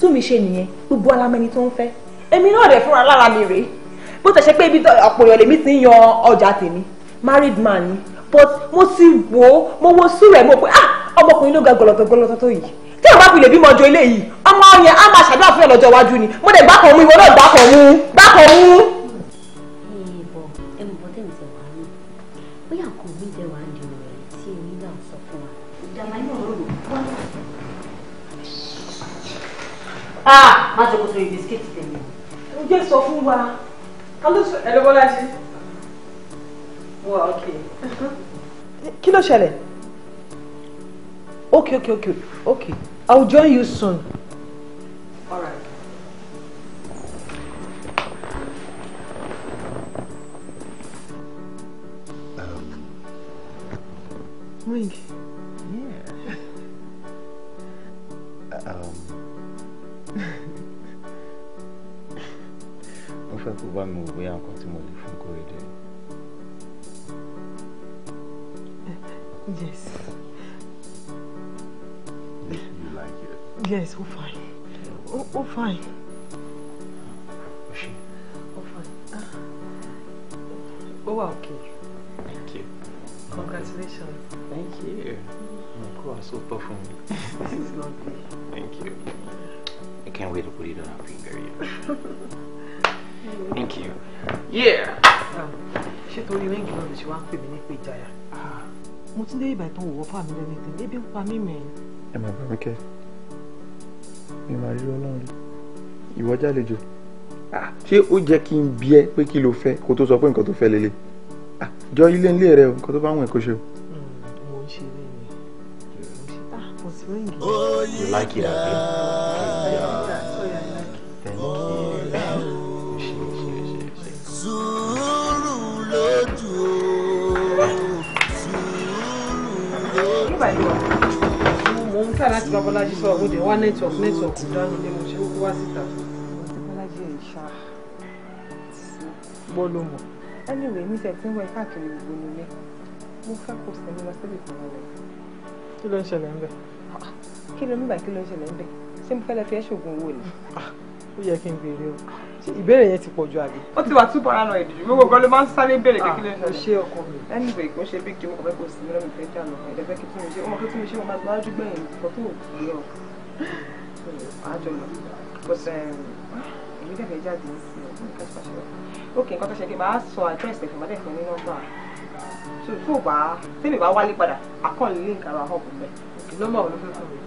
A: tún mi ṣe nìyẹn gbogbo alámẹ́ni tó ń fẹ́ èmi náà rẹ̀ fúnra lára mi rèé bó tẹ̀ ṣe pé ibi ọ̀pọ̀ èèyàn lèmi ti ń yan ọjà tèmi married man ni but mo ti wò ó mo wo sú rẹ̀ mo pé ah ọmọkùnrin ló ga gọlọtọ gọlọtọ tó yìí tí àwọn bá fi lè bímọ ọjọ́ ilé yìí ọmọ yẹn á máa ṣàdúrà fún ọlọ́jọ́ iwájú ni mo dẹ̀ gbákan mú ìwọ náà gbákan mú gbákan
G: mú. Ah, má jẹ́ kó sọ ibi bisikíìtì tèmi.
A: ǹjẹ́ sọ fún wa ẹlẹ́bọ́lájí wà ok. kí ló ṣẹlẹ̀ Okay, okay, okay, okay. I will join you soon. All right.
F: Um. Ring.
C: fẹ́ bá mi wò bóyá nǹkan tí mo lè fún Kórédé.
B: Yes. You like
F: it? Yes, ó fine. Ó fine. fine. Ah. Ó wà okay. Thank you. Congratulations. Thank you.
B: Nǹkan wà so tọ́ This is lovely. Thank you. I can't wait to put it on our
F: finger. Thank you. Yeah. Ṣé torí ríǹgì
A: náà ló ṣe wá ń pè mí ní pé ìjayà? Ah. Mo ti dé ìbà ìtàn òwò fún àmì lẹ́nu ìtàn. Ebi ń pa mí mẹ́rin.
C: Ẹ máa bá mi kẹ́. Mi máa rí ọlọ́run rí. Ìwọ jálejò. Ah, ṣé ó jẹ́ kí n bí ẹ pé kí lo fẹ́ kó tó sọ pé nǹkan tó fẹ́ lélẹ̀? Ah, jọ ilé ńlé rẹ o, nǹkan tó bá wọ̀n kó ṣe o. Hmm, mo ń ṣe lẹ́yìn. Mo ṣe tá, mo ti ríǹgì. You like it, abi? Yeah.
A: sísà láti babalájí sọ òde wá network network dánú ni mo ṣe ń wá síta. babalájí ẹ̀ ṣá gbọ́ ló mọ̀. anyway mi tẹ̀ tí ń wọ káàkiri gbogbo nílé mo fẹ́ kó sẹ́mi lọ síbi kan lọ́wọ́.
B: kí ló ń ṣẹlẹ̀ ń bẹ̀.
A: kí ló ń bà kí ló ń ṣẹlẹ̀ ń bẹ̀ ṣé mo fẹ́ lọ fi ẹ́ ṣoògùn owó ni. Ah ó yẹ kí n béèrè o ìbéèrè yẹn ti pọ̀ ju àbí. ó ti wà too paranoid jù gbogbo nǹkan ló máa ń sáré béèrè kékeré ṣe. ṣé ọkọ mi. anyway kò ṣe big deal mo kàn fẹ́ kó sinmi lọ́mọ ìfẹ́ jà lọ ẹ̀dẹ̀ fẹ́ kí tí mo ṣe ọmọ kí tí mo ṣe mo máa gbájú gbẹ̀yìn nǹkan tó wù mí ọ. àjọ lọ kò sẹ um, èmi dẹ̀ fẹ́ jáde ní sí ọ̀hún nǹkan tó ṣe wá. ok nǹkan tó ṣe kí máa sọ address ẹ̀fẹ̀ máa dẹ̀ fún ní nọ́mbà tó tó bá tẹ́lẹ̀ bá wálé padà àkọ́ọ̀lì link ara hub bẹ́ẹ̀ nọ́mbà ò ló fẹ́ fún mi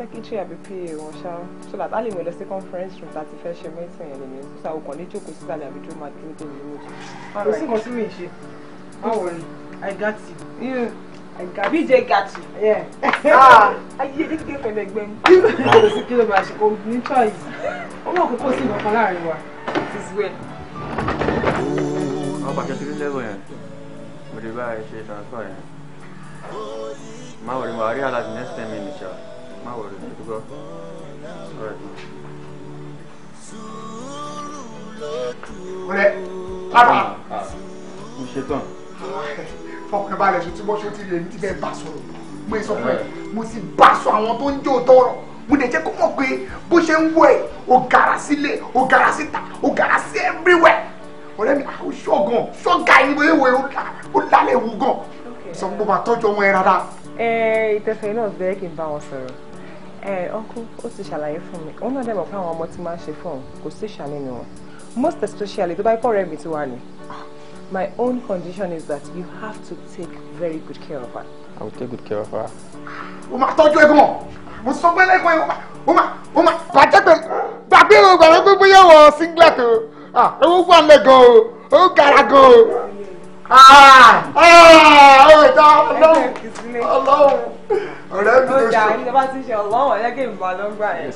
A: secretary àbí pa wọn ṣá so that a lè mọ̀ lọ sí conference room láti fẹ́ ṣe meeting yẹn lèmi so àwọn kan lè jókòó sísàlẹ̀ àbí dúró máa dúró tèmi lójú. kò sí kan sí mi ṣe má wọrí i got you. Yeah. I got you. BJ got you. Yeah. ah ayé kékeré pẹ̀lẹ́ gbẹ mi. kò sí kí ló máa ṣe kò ní choice ó mọ̀ kókó sí ìmọ̀kan láàrin wa this is well.
B: wọ́n pàṣẹ sí lẹ́wọ̀n yẹn mo lè bá ẹ ṣe transfer yẹn má wọrí mo wá rí àlàyé next time in the shower má wọlé ìdúgbò ọ̀rẹ́ lára mo ṣe tán.
D: fọkàn balẹ̀ ṣe tí mo ṣe ó ti too èmi ti bẹ́ẹ̀ bá sọ̀rọ̀ mo sọ fún ẹ mo sì bá sọ àwọn tó ń jó tọrọ mo dẹ̀ jẹ́ kó mọ̀ pé bó ṣe ń wọ̀ ẹ́ o gàrà sílé o gàrà síta o gàrà sí everywhere ọ̀rẹ́ mi àwọn ṣọ́gàn ṣọ́gà yìí mo lè wọ ó lálẹ́ wù gan sọ pé mo máa tọ́jú ọmọ ẹ rárá. ẹ
A: ìtẹ̀fẹ̀ náà bẹ́ẹ̀ kí n bá wọn sọ̀rọ̀ ẹ uncle ó ti ṣàlàyé fún mi òun náà dẹ̀ mọ̀ pé àwọn ọmọ ti máa ń ṣe fún òun kò sí ìṣàníyàn wọn most especially tó bá kọ́ ọ̀rẹ́ mi ti wà ní. my own condition is that you have to take very good care of her.
B: I will take good care of her.
D: o máa tọ́jú ẹ̀gbọ́n mọ̀ mo sọ pé lẹ́kọ̀ọ́ yẹn o máa o máa bàjẹ́ pé gbàgbé o gbàgbé pé bóyá wọ singlet o ah owó wà lẹ́gàn o ó gara gan o ọ̀tá ọlọ́run ọlọ́run ọ̀rẹ́ mi ló ṣe. ọjà
A: ìjọba ti ṣe ọlọ́run ọ̀rẹ́ kí n bọ̀ lọ́gbà yẹn.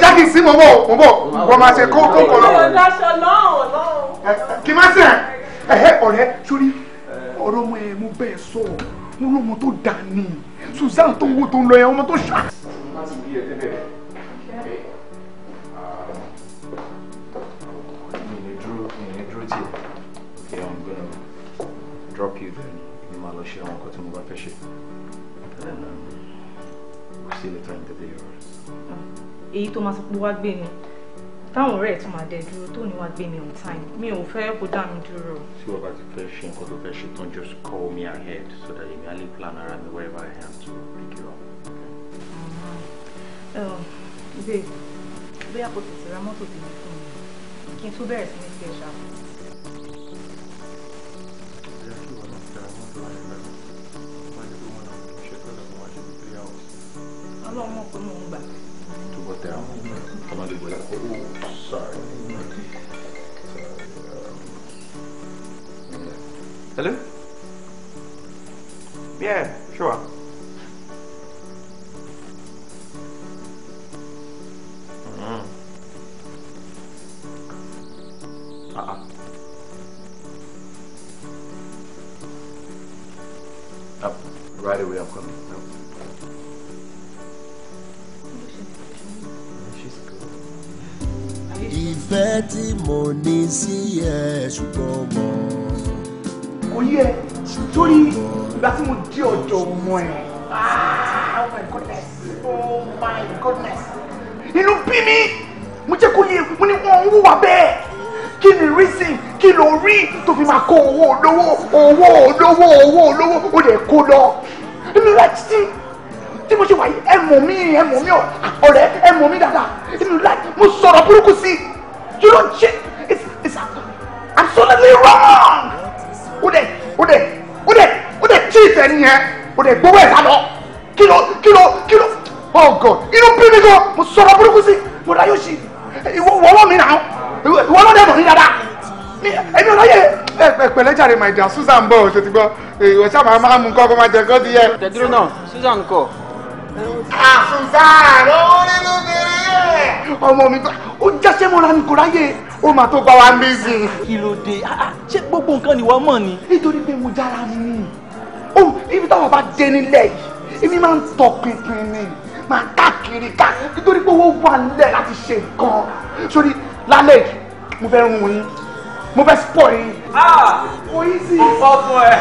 A: jẹ́
D: kí n sí mọ̀ mọ̀ mọ̀ mọ̀ wọ́n máa ṣe kókó kọ̀ lọ́wọ́. kí n má sẹ̀ ẹ̀hẹ́ ọ̀rẹ́ sórí ọ̀rọ̀ ọmọ ẹ̀ mo bẹ́ẹ̀ sọ mo rọ ọmọ tó dà ní Susan tó wo tó ń lọ yẹn ọmọ tó ṣá. má ti bí ẹ tẹ́lẹ̀
C: ṣe lè twenty three euros.
F: èyí tó máa sọ pé wá gbé ni táwọn ọ̀rẹ́ ẹ̀ tún máa dẹ dúró tó ní wá gbé mi on time mi ò fẹ́ kó dá mi dúró.
B: tí wọ́n bá ti fẹ́ ṣe nǹkan tó fẹ́ ṣe tán just call me ahead so that èmi á lè plan ara mi wherever I am to pick you up.
F: Um, babe bóyá kò tètè ra mọ́tò tèmi fún mi kí n tún bẹ̀rẹ̀ sí ní ṣe ṣàkóso.
A: Ọlọ́run mọ̀ pé mò ń gbà.
C: tó bọ́ tẹ
B: Hello? Yeah, sure.
E: Mm. uh Up. Right away, I'm coming. Up. ìfẹ́ tí mo ní sí ẹ ṣùgbọ́n mo.
D: kò yẹ sórí ìgbà tí mo dé ọ̀dọ̀ ọmọ ẹ̀
A: ah, oh my goodness oh my goodness
D: inú bí mi mo jẹ́ kó yẹ mo ní wọn ń wúwa bẹ́ẹ̀ kí ni reason kí ló rí tó fi máa kó owó olówó owó olówó owó olówó ó lè kó lọ èmi rẹ̀ ti tí mo ṣe wáyé ẹ mọ̀ mí ẹ mọ̀ mí ọ̀rẹ́ ẹ mọ̀ mí dáadáa èmi rẹ̀ mo sọ̀rọ̀ burúkú sí i you don't change it's it's absolutely wrong ó dẹ̀ ó dẹ̀ ó dẹ̀ ó dẹ̀ tí ìfẹ́ nìyẹn ó dẹ̀ gbowó ẹ̀ sá lọ kí ló kí ló kí ló oh god inú bí mi gan mo sọ̀rọ̀ burúkú sí mo dá yóò ṣe ìwọ wọ́wọ́ you náà ìwọ náà dẹ̀ mọ̀ ní dáadáa mi èmi ò láyè ẹ eh, eh, pẹ̀lẹ́ jàre my dear susan bọ̀ ṣe ti gbọ́ eh, ìwọ sábà máa mú nǹkan kó máa jẹ kó ti yẹ. tẹ̀dúró náà
B: susan kọ. Ah, susan ó nínú mi
D: ọmọ mi ó jáṣẹ́ mọ́ra ní kò ráyè ó máa tó bá wa méjì. kí ló dé ah, ah, ṣé gbogbo nǹkan ni wọ́n mọ̀ ni. nítorí pé mo jára mi ó ibi táwọn bá dé nílẹ̀ yìí èmi máa ń tọ pinpin ni máa káàkiri ká nítorí pé owó wà nílẹ̀ láti ṣe nǹkan sórí lálẹ́ yìí mo fẹ́ rún yín mo fẹ́ spoil yín. Ah! mo yí sí. ọkọ fún ẹ.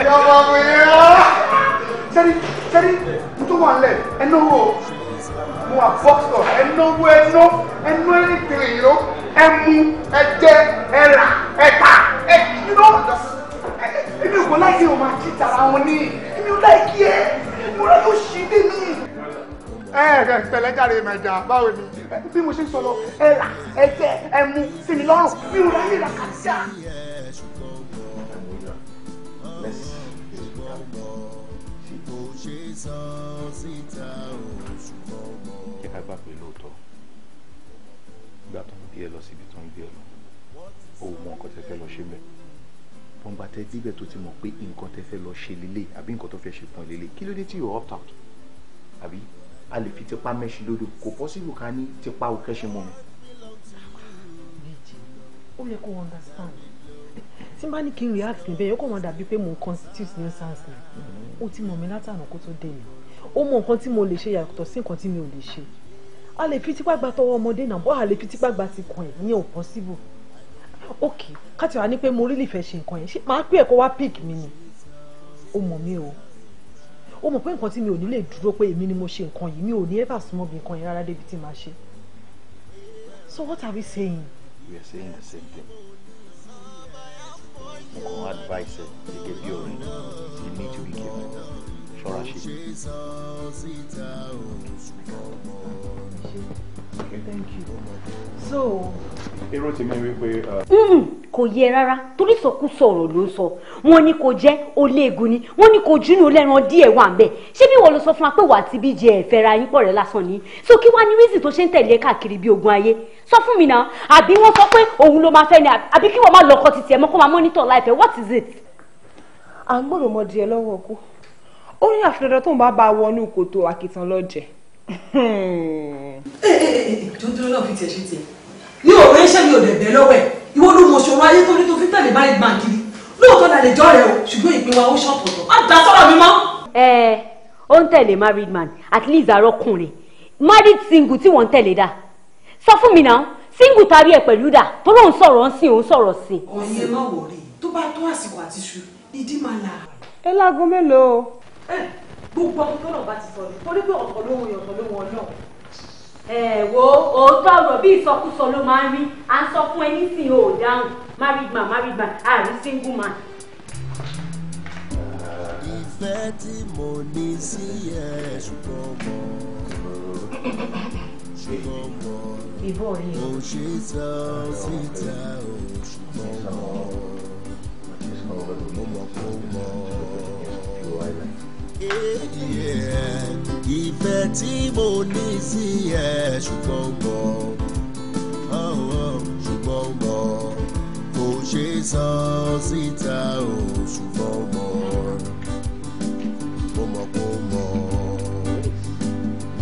D: ìjọba mi yọ. sẹ́ni sẹ́ni mo tún wà nílẹ̀ ẹ náwó mo àbọ́sọ̀ ẹnáwó ẹná ẹná ẹ̀dẹ̀ ìró ẹmu ẹjẹ ẹrà ẹta ẹyìnbó ẹbí ògbó láyé o máa kí tara wọn ní ẹbí ó láì kí ẹ mo rẹ yóò ṣí dé mi. ẹ ẹ pẹ̀lẹ́ jàre mẹja báwo ni bí mo ṣe sọ lọ ẹrà ẹjẹ ẹmu sí mi mi ò ráyè rà kàdá.
E: ṣe sọ síta
C: ká gbà pé lóòótọ́ ìgbà tó ń bí ẹ lọ síbi tó ń bí ẹ lọ ó mọ nǹkan tẹ́ fẹ́ lọ ṣe mẹ́ bọ́ǹgbà tẹ́ díbẹ̀ tó ti mọ̀ pé nǹkan tẹ́ fẹ́ lọ ṣe lélẹ̀ àbí nǹkan tó fẹ́ ṣe fún ẹ kí ló dé tí yóò opt out àbí a lè fi tipa mẹ́ṣin lódò kò possible ká ní tipa òkè ṣe mọ́ mi.
F: ó yẹ kó understand
A: tí n bá ní kí n react níbẹ̀ yóò kàn wọ́n dàbí pé mò ń constitute nuisance ni mm-hmm. ó ti mọ̀ mi látànà kó tó dé mi ó mọ nǹkan tí mo lè ṣe yàtọ̀ sí nǹkan tí mi ò lè ṣe a lè fi tipa gba tọwọ́ ọmọdé náà bọ́ a lè fi tipa gba ti kàn ẹ̀ ní ò ok káti wá ní pé mo really fẹ́ ṣe nǹkan yẹn ṣé máa pé ẹ̀kọ́ wá pick mi ni ó mọ̀ mí o ó mọ̀ pé nǹkan tí mi ò ní lè dúró pé èmi ni mo ṣe nǹkan yìí mi ò ní ever súnmọ́ bí nǹkan yẹn rárá débi tí màá ṣe so what are we saying.
E: we are saying the same thing mo kàn advice ẹ gẹ́gẹ́ bí ọ̀rẹ́ you need to be careful ṣọ́ra ṣe.
G: Okay, thank you. So.
C: Èrò tèmi wípé.
G: Uh, kò yẹ rárá torí sọkúsọ ọ̀rọ̀ ló ń sọ. Wọ́n ní kò jẹ́ oléegun ni. Wọ́n ní kò júnú lẹ́ran díẹ̀ wà ń bẹ̀. Ṣé bí wọ́n lọ sọ fún wa pé wà á ti bí jẹ ẹ̀fẹ́ ra yín pọ̀ rẹ̀ lásán ni? So kí wá ní reason tó ṣe ń tẹ̀lé káàkiri bí ogun ayé? Sọ fún mi náà. Àbí wọ́n sọ pé òun ló máa fẹ́ ni àbí kí wọ́n máa lọ́kọ títí ẹ̀ mọ́ kó máa monitor life what is it?
A: À ń gbọ́dọ̀ mọ díẹ̀ lọ́wọ́ kú. Ó ní àfihàn tó ń bá bá wọnú kòtò àkìtàn lọ́jẹ̀ẹ́ tó dúró náà fi tiẹ̀ ṣe tiẹ̀ ní ọ̀rọ̀ iṣẹ́ mi ò dẹ̀ bẹ́ẹ̀ lọ́wọ́ ẹ̀ ìwọ ló mọ̀ ṣòro ayé tó ní tó fi tẹ̀lé báyìí máa kiri lóòótọ́ la lè jọ rẹ o ṣùgbọ́n ìpín wa ó ṣọ̀tọ̀tọ̀ má dá sọ́rọ̀ mi mọ́.
G: ẹ ó ń tẹ̀lé married man at least àrọ́kùnrin married single tí wọ́n ń tẹ̀lé dà sọ fún mi náà single tari ẹ̀ pẹ̀lú dà tó lóun sọ̀rọ̀ ń sìn òun sọ̀rọ̀ sí. ọ̀yẹ́ má wọ̀rí
A: tó bá tó àsìkò àti ṣu ìdí máa là. ẹ láago gbogbo ọdún tó náà bá ti sọ̀rọ̀ torí pé ọ̀pọ̀ ló wọn ọ̀pọ̀ ló wọn náà
G: ẹ̀wọ́ òótọ́ ọ̀rọ̀ bí ìsọkúsọ ló máa ń rí à ń sọ fún ẹni sìn ò dáhùn married man àrí single man.
E: ìfẹ́ tí mo ní sí ẹ ṣùgbọ́n mọ́ ṣùgbọ́n mọ́ ò ṣe sọ síta ò ṣùgbọ́n mọ́ mo mọ̀ kó mọ́ ìfẹ́ tí mo ní sí ẹ ṣùgbọ́n mọ̀ oh, oh, ṣùgbọ́n mọ̀ kò ṣe sọ síta o ṣùgbọ́n mọ̀ mo mọ̀ kó mọ̀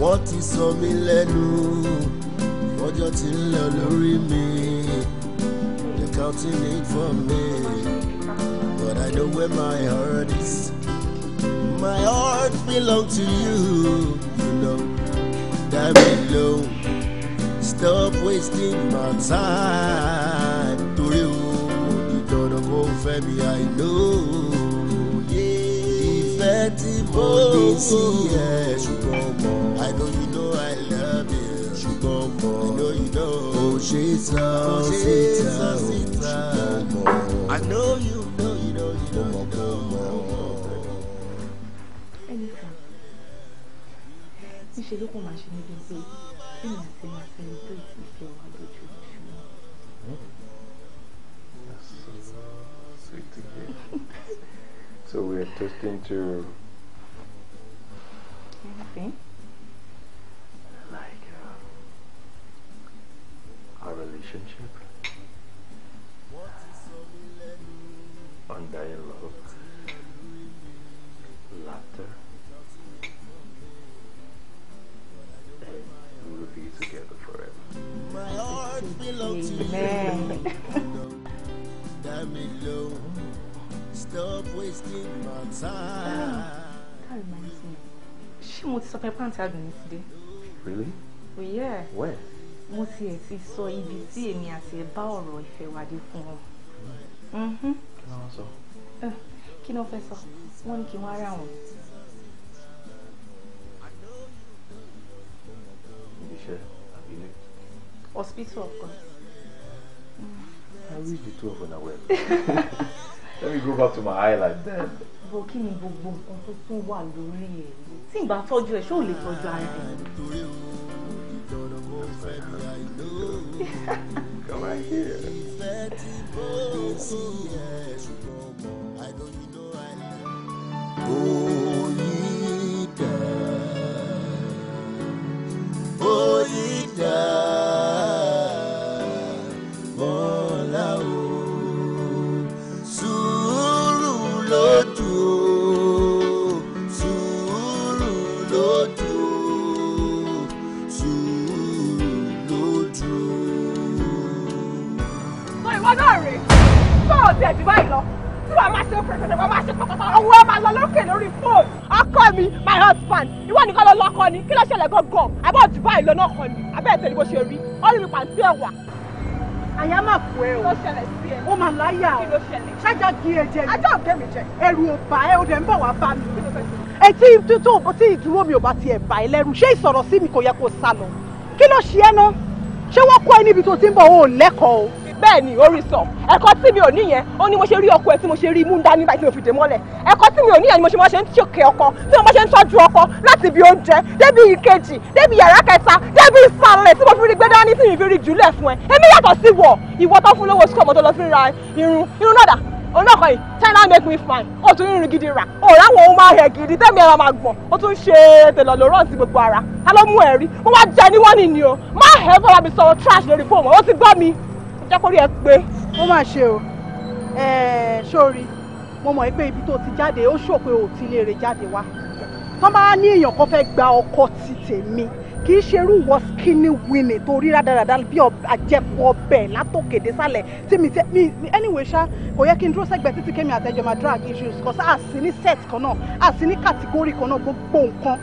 E: wọ́n ti sọ mí lẹ́nu ọjọ́ ti ń lọ lórí mi they're counting it for me but I know where my heart is. My heart belongs to you, you know that alone. Stop wasting my time. To you, you don't kò fẹ́ mi, I know. Ìfẹ́ tí mo ní sí ẹ, I know you know I love you, ṣùgbọ́n mo, I know you know. Oh, ṣe é sá, kò ṣe é I know you.
F: níṣẹ́ ló kàn máa ṣe níbi pé èmi àti máa fẹ́ ní tó ìfẹ́ wa lójú ìṣúná.
C: So we're testing to...
F: Anything?
E: Amen.
F: Stop Really? Well, oh, yeah. Where? Mo ti ẹ̀ ti sọ ibi tí èmi àti ẹ̀ bá ọ̀rọ̀ ìfẹ́ wa dé fún wọn. Mm-hmm. Kí ló ń sọ? Eh, kí ló fẹ́ sọ? Wọ́n ní kí wọ́n ara Hospital of course.
C: I wish the two of them were. Let me go back to my island then.
F: Bọ̀ kí ni gbogbo nǹkan tó tún wà lórí ẹ̀? Tí
E: Come right here. Oyida.
A: báyìí lọ tí wàá máa ṣe pẹ̀pẹ̀pẹ̀ wàá máa ṣe pọ̀pọ̀pọ̀ owó ẹ máa lọ lókè lórí fóònù ọkọ mi my husband ìwọ nìkan ló lọ́kọ ni kí ló ṣẹlẹ̀ gangan àbọ̀ Dubai lọ náà kàn mí àbẹ́ ẹ̀ tẹ̀lé bó ṣe rí ó rí mi pàǹtí ẹ̀wà. àyà máa kú ẹ o kí ló ṣẹlẹ̀ sí ẹ ó máa láyà o kí ló ṣẹlẹ̀ ṣájà kí ẹ jẹ ajá òkè mi jẹ ẹrù ò bá ẹ o dẹ̀ ń bọ̀ wá bá mi. etí tó tí ìdúró mi ò bá tiẹ̀ bá ẹ lẹ́rù ṣé ìsọ̀rọ̀ sí mi kò yẹ kó sá lọ kí ló ṣe ẹ ná ṣé wọ́n kọ́ ẹ níbi tó ti ń bọ̀ o ò lẹ́kọ̀ọ́ bẹ́ẹ̀ ni orí sọ ẹ̀kọ́ tí mi ò ní yẹn ó ní mo ṣe rí ọkọ ẹ tí mo ṣe rí imú dání báyìí tí mo fi dè mọ́lẹ̀ ẹ̀kọ́ tí mi ò ní yẹn ni mo ṣe máa ṣe ń ṣòkè ọkọ tí mo máa ṣe ń tọ́jú ọkọ láti ibi oúnjẹ débi ìkejì débi yàrá kẹta débi ìsàlẹ̀ tí mo fi rí gbé dání tí mi fi rí jùlẹ̀ fún ẹ èmi yàtọ̀ sí wọ ìwọ tó fún lówó sukọ̀ mọ́tò lọ fi ra irun irun náà dà make me fine ó tún rìn gidi rà ó ráwọn ohun máa hẹ gidi tẹ́mi ẹran máa gbọ̀n ó tún ṣe tèlọ̀ ló rán sí gbogbo ara ta ló mú ẹ̀rí mo wá jẹ ní wọ́n nìyí o má hẹ́ fọwọ́ mi sọ̀rọ̀ trash lórí jákórí ẹ pé ó mà ṣe o sórí mo mọ̀ pé ibi tó ti jáde ó ṣòpin ò ti lè rè jáde wá tán bá ní èèyàn kan fẹ́ gba ọkọ ti tèmi kì í ṣerú wọ skinny winnie tó rí rádaràda bí àjẹpọ̀ ọbẹ̀ látòkèdè sálẹ̀ tí mi tẹ́ mi anyway ṣá kò yẹ kí n dúró sẹ́gbẹ̀ẹ́ títí kémi àtẹ̀jọ́ máa drag issues cause àsì ní set kan náà àsì ní kàtígórì kan náà gbogbo nǹkan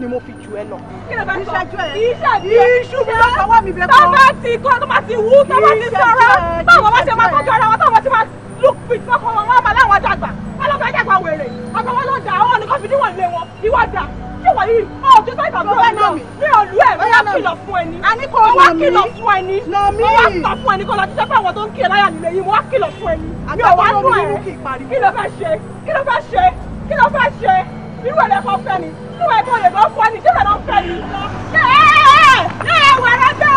A: ni mo fi jù ẹ lọ. kí ló bá sọ kì í ṣàdí ẹ iṣu mi lọ sọwọ́ mi bẹ́ẹ̀ kọ́. tọ́ba ti kọ́ tọ́ba ti wú tọ́ba ti sọ̀rọ̀ báwo wá ṣe máa tọ́jú ara wọn táwọn ti máa look fit fọkàn wọn wọn bá láwọn àjàgbà alọ́gbà àjàgbà wèrè ọ̀pọ̀ wọn ló dà ọ́ ní kọ́fí níwọ̀n lé wọn ìwọ dà ṣé wọ́n yìí ọ̀ tó sáì bàbá rẹ̀ náà mi ò lù ẹ̀ wọ́n wá kìlọ̀ fún ẹni wọ́n wá kìlọ̀ fún ẹni wọ́n wá sọ fún ẹni kọ́ lọ títí pé àwọn tó ń kí ẹ láyà nílé yìí wọ́n wá kìlọ̀ fún ẹni mi ò wá nù ẹ̀ kí ló fẹ́ ṣe kí ló fẹ́ ṣe kí ló fẹ́ ṣe irú ẹ̀ lẹ́kọ̀ọ́ fẹ́ ni irú ẹ̀ kọ́ lè lọ́ fọ́ ni ṣé lọ́ fẹ́ ni.
F: ẹ̀ẹ́dẹ̀ wẹ̀rẹ̀ bẹ́ẹ̀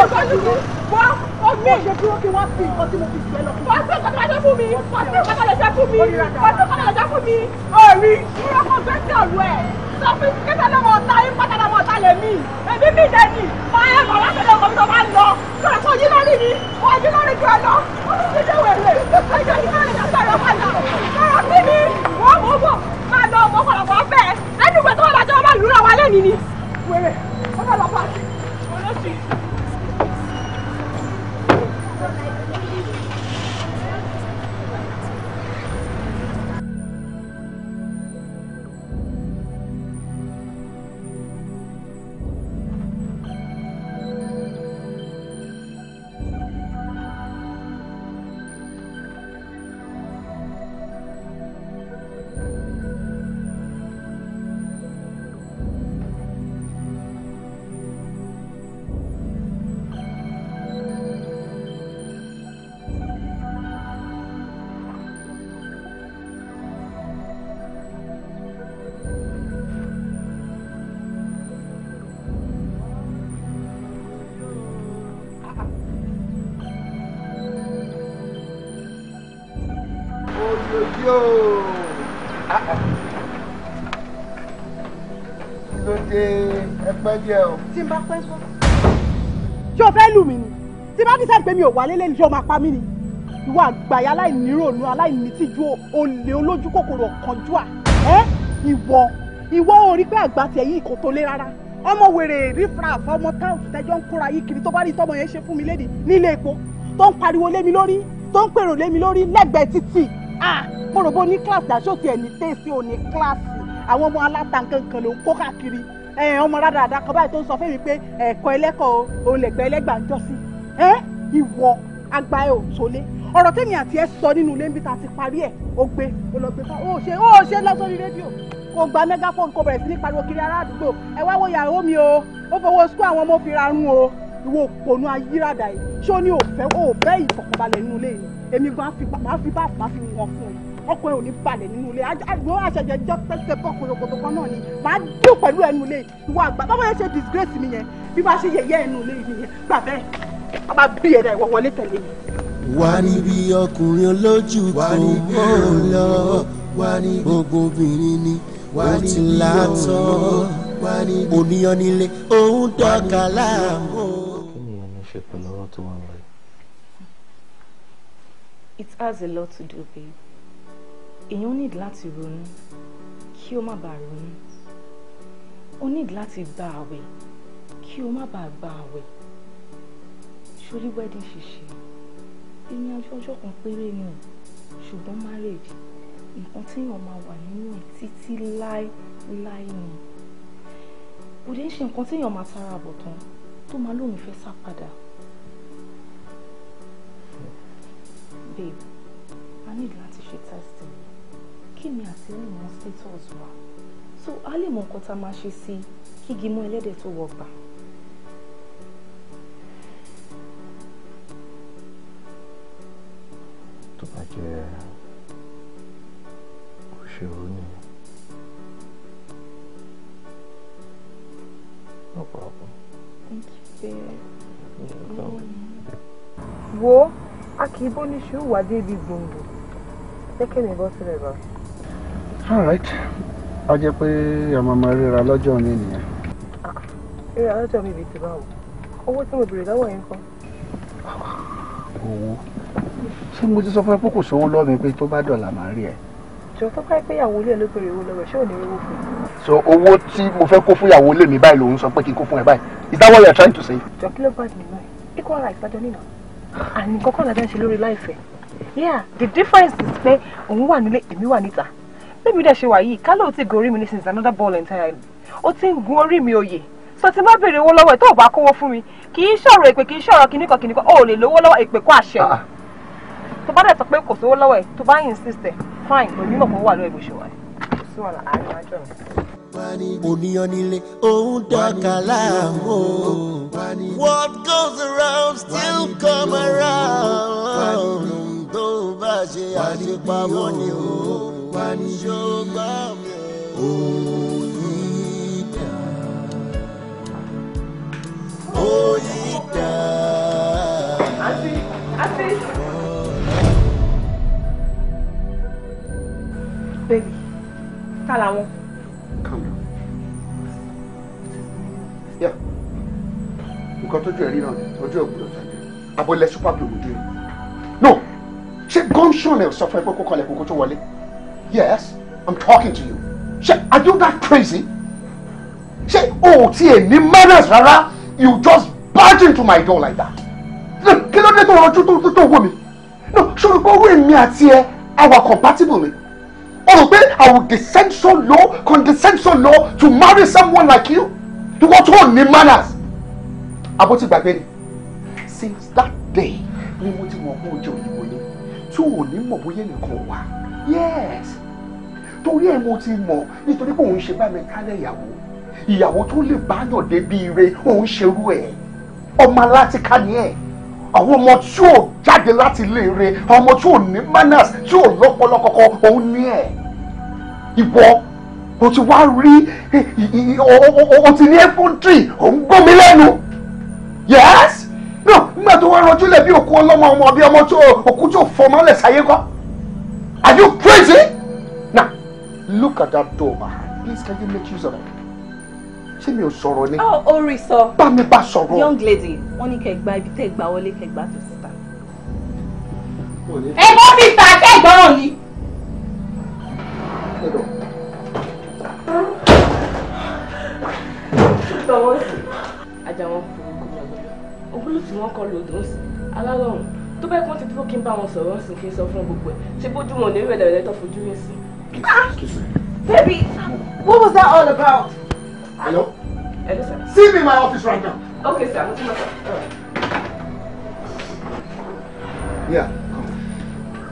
A: òṣèlú mi wọ́n ó mi. wọ́n ṣe dúró kí wọ́n fi nǹkan tí mo fi fẹ́ lọ. wọ́n fi nǹkan tó lè ṣe fún mi wọ́n fi nǹkan tó lè ṣe fún mi wọ́n fi nǹkan tó lè ṣe fún mi. òòrì irọ́ kan fẹ́ sí ọ̀rọ̀ ẹ̀ sọ fún mi kékeré lọ́mọ ọ̀tá yín pátá lọ́mọ ọ̀tá lè mí èmi mi dẹ̀ ni máa ń bọ̀ láti lọ́kọ̀ ìlú náà wálé mi ni wèrè ó fẹ́ lọ
D: go. ló dé ẹpẹ́ díẹ̀ o. tí n bá pẹ́ sọ.
A: ṣé o fẹ́ lù mí ni tí bá dísẹ́ pé mi ò wálé lẹ́nu ṣé o máa pa mí ni ìwọ àgbàyà aláìníròònú aláìnítìjú olè olójú kòkòrò ọ̀kánjúà ẹ́ ìwọ ìwọ ò rí pé àgbà tiẹ̀ yìí kò tó lé rárá ọmọ wèrè rífra àfa ọmọ táwọn tẹjọ ń kóra yìí kiri tó bá rí tọmọ yẹn ṣe fún mi lédi nílé epo tó ń pariwo lé mi lórí tó ń pèrò lé mi lórí lẹ́gbẹ̀ẹ́ títì ah mo rò bó ní kíláàsì àṣọ tiẹ̀ ní tẹ́sí òní kíláàsì àwọn ọmọ alátaǹkankan ló ń kó káàkiri ọmọ rádaràda kan báyìí tó ń sọ fún mi pé ẹ̀kọ́ ẹlẹ́kọ̀ọ́ òun lẹ̀gbẹ́ ẹlẹ́gbà ń jọ́sí ìwọ agba ẹ̀ ò tólé ọ̀rọ̀ tèmi àti ẹ sọ nínú ilé níbi tá a ti parí ẹ̀ ó gbé ó lọ gbé fún ó ṣe ó ṣe lọ sórí rédíò kò gba mẹ́gáfóònù kò bẹ̀rẹ̀ sí ní pariwo kiri ará àdúgbò ẹ wá wo ìyàwó mi o ó fowó sukú àwọn ọmọ fi ra rún o ìwọ òpònú ayírádà yìí ṣó ní òfẹ́ òfẹ́ ìfọ̀kànbalẹ̀ nínú ilé yìí èmi gan máa fi bá máa fi wọ̀n fún un ọkọ ẹ ò ní balẹ̀ nínú ilé àgbo àṣẹjẹ jẹ́ pẹ́sẹ̀ bọ́kòlòkòtò kan náà ni màá dùn pẹ̀lú ẹnu ilé ìwọ àgbà báwo yẹn ṣe disgrace mi yẹn bí wàá ṣe yẹ̀yẹ́ ẹnu ilé mi yẹn gbà bẹ́ẹ̀ a máa bí ẹ̀rẹ̀ ìwọ wọlé tẹ̀lé mi.
E: wà níbi ọkùnrin olójú tó ń lọ gbogbo obìnrin ni ó ti látọ̀ oníyanilé òun dọ̀gá láàmú.
F: kí ni ẹni ṣe pẹ̀lú ọ̀rọ̀ it has a lot to do babe èèyàn need láti ronú kí o má bàa ronú o need láti gba àwẹ̀ kí o má bàa gba àwẹ̀ sórí wedding ṣíṣe ìrìn àjò ọjọ́ kan péré ni ṣùgbọ́n marriage nǹkan téèyàn máa wà nínú ẹ̀ títí láéláé ni òde ń ṣe nǹkan téèyàn máa tara àbọ̀ tán tó máa lóun fẹ́ sá padà. babe a need láti ṣe testing kí ni àtìrí ìwọ̀n status wa so a lè mọ nǹkan tá a máa ṣe sí kígi mọ́ ẹlẹ́dẹ̀ tó wọgbà.
D: tó bá jẹ́
E: òṣèré ni
F: no problem. thank you babe. Yeah, no problem kìbó ní ṣùwà débi gbòǹgbò jẹ́kẹ́ mi bọ́ sílẹ̀ bá.
E: all right a jẹ́ pé
D: ọmọ ọmọ ríra lọ́jọ́ òní nìyẹn.
A: ríra lọ́jọ́ mi ah, bìí ti bá wò owó tí mo béèrè lọ́wọ́ yẹn kan.
D: owó ṣé mo ti sọ fún ẹ pé kò sówó lọ́mi pé tó bá dọ̀là máa rí ẹ.
A: jọ̀ọ́ tó pẹ́ pé ìyàwó ilé ló béèrè owó lọ́wọ́ ṣé ò ní owó fún mi.
D: so owó tí mo fẹ́ kó fún ìyàwó ilé mi báyìí lòun sọ pé kí n kó fún ẹ báyìí is that what you are trying to say.
A: jọ̀ọ́ kí ló bá mi náà equal rights lájọ nínà àní kọ́kọ́ náà dáhùn ṣe lórí láìfẹ́ yeah the difference is pé òun wà nílé èmi wà níta bébí dẹ̀ ṣe wà yìí ká lóò ti gorí mi nísìnyí another ball entirely ó ti ń gun orí mi òye sọ ti má béèrè owó lọ́wọ́ ẹ̀ tó o bá kówó fún mi kì í ṣọ̀rọ̀ èpè kì í ṣọ̀rọ̀ kìnnìkan kìnnìkan o ò lè lówó lọ́wọ́ èpè kó àṣẹ ah. tó bá dẹ̀ sọ pé kò sówó lọ́wọ́ ẹ̀ tó bá insist ẹ̀ fine pẹ̀lú mímọ̀ kó wà lóye bó ṣe wà ẹ̀ sí wàhálà àárín
F: àjọ mi
E: òníyàn nílé òun dọ́kà láàmú o. What goes around still come around. tó bá ṣe àṣepamọ́ ni o. ṣùgbọ́n mi ò ní dà. ó yí dà.
A: àti àti. baby ta làwọn.
D: nǹkan tójú ẹ̀rí náà ojú ògbúdọ̀ tàbí abọ́lẹ̀ super glue dé no ṣé gunshot ẹ̀ sọ fún ẹ pé kó kọlẹ̀ kókó tó wọlé yes i'm talking to you ṣé are you that crazy ṣé o ò tiẹ̀ ní manners rárá you just barge into my door like that kí ló dé tó rọjú tó tó wọ mi no ṣòro pé owó èmi àti ẹ our compatible ni o rò pé i will descend so low condescend so low to marry someone like you ìwọ tó ní manners abó ti gbàgbé ni since that day ni mo ti mọ̀ pé oúnjẹ òyìnbó ni tí ò ní mọ̀ bóyá nìkan wà yes torí ẹ̀ mo ti mọ̀ nítorí pé òun ṣe bá mi kálẹ̀ ìyàwó ìyàwó tó lè báyọ̀ débi ire òun ṣerú ẹ̀ ọmọ alátìká ni ẹ̀ àwọn ọmọ tí ò jáde láti ilé ire ọmọ tí ò ní manners tí ò lọ́pọlọ kọ̀kọ̀ òun ní ẹ̀ ìwọ o ti wá rí o ti ní ẹ́fọ́ntì òun gbómi lẹ́nu yes no nígbà tó wá rọjú lẹ̀ bí òkú ọlọ́mọ ọmọ bí ọmọ tó òkú tó fọmọ lẹ̀ sáyé kọ́ are you crazy now look at that door ma please can you make use of it ṣé mi ò sọ̀rọ̀ ni. ọ
F: orí sọ
D: bá mi bá sọ̀rọ̀. young
F: lady wọ́n ní kẹgbà ibi tẹgbà wọlé kẹgbà tó síta. ẹ bọ́ mi ta
A: kẹgbọ́n ni.
F: àjàwọ̀n búlù tí wọ́n kọ lòdùn sí alárọ̀rùn tó bẹ́ẹ̀ kó ti dúró kí n bá wọn sọ̀rọ̀ sí kí n sọ fún gbogbo ẹ̀
A: ṣé bójú wọn ní rẹ̀lẹ̀rẹ̀lẹ̀ tó fojú rẹ̀ sí. Ah! Baby, what was that all
D: about? Hello? Hello, sir. See me in my office right now. Okay, sir. What's your matter? Yeah.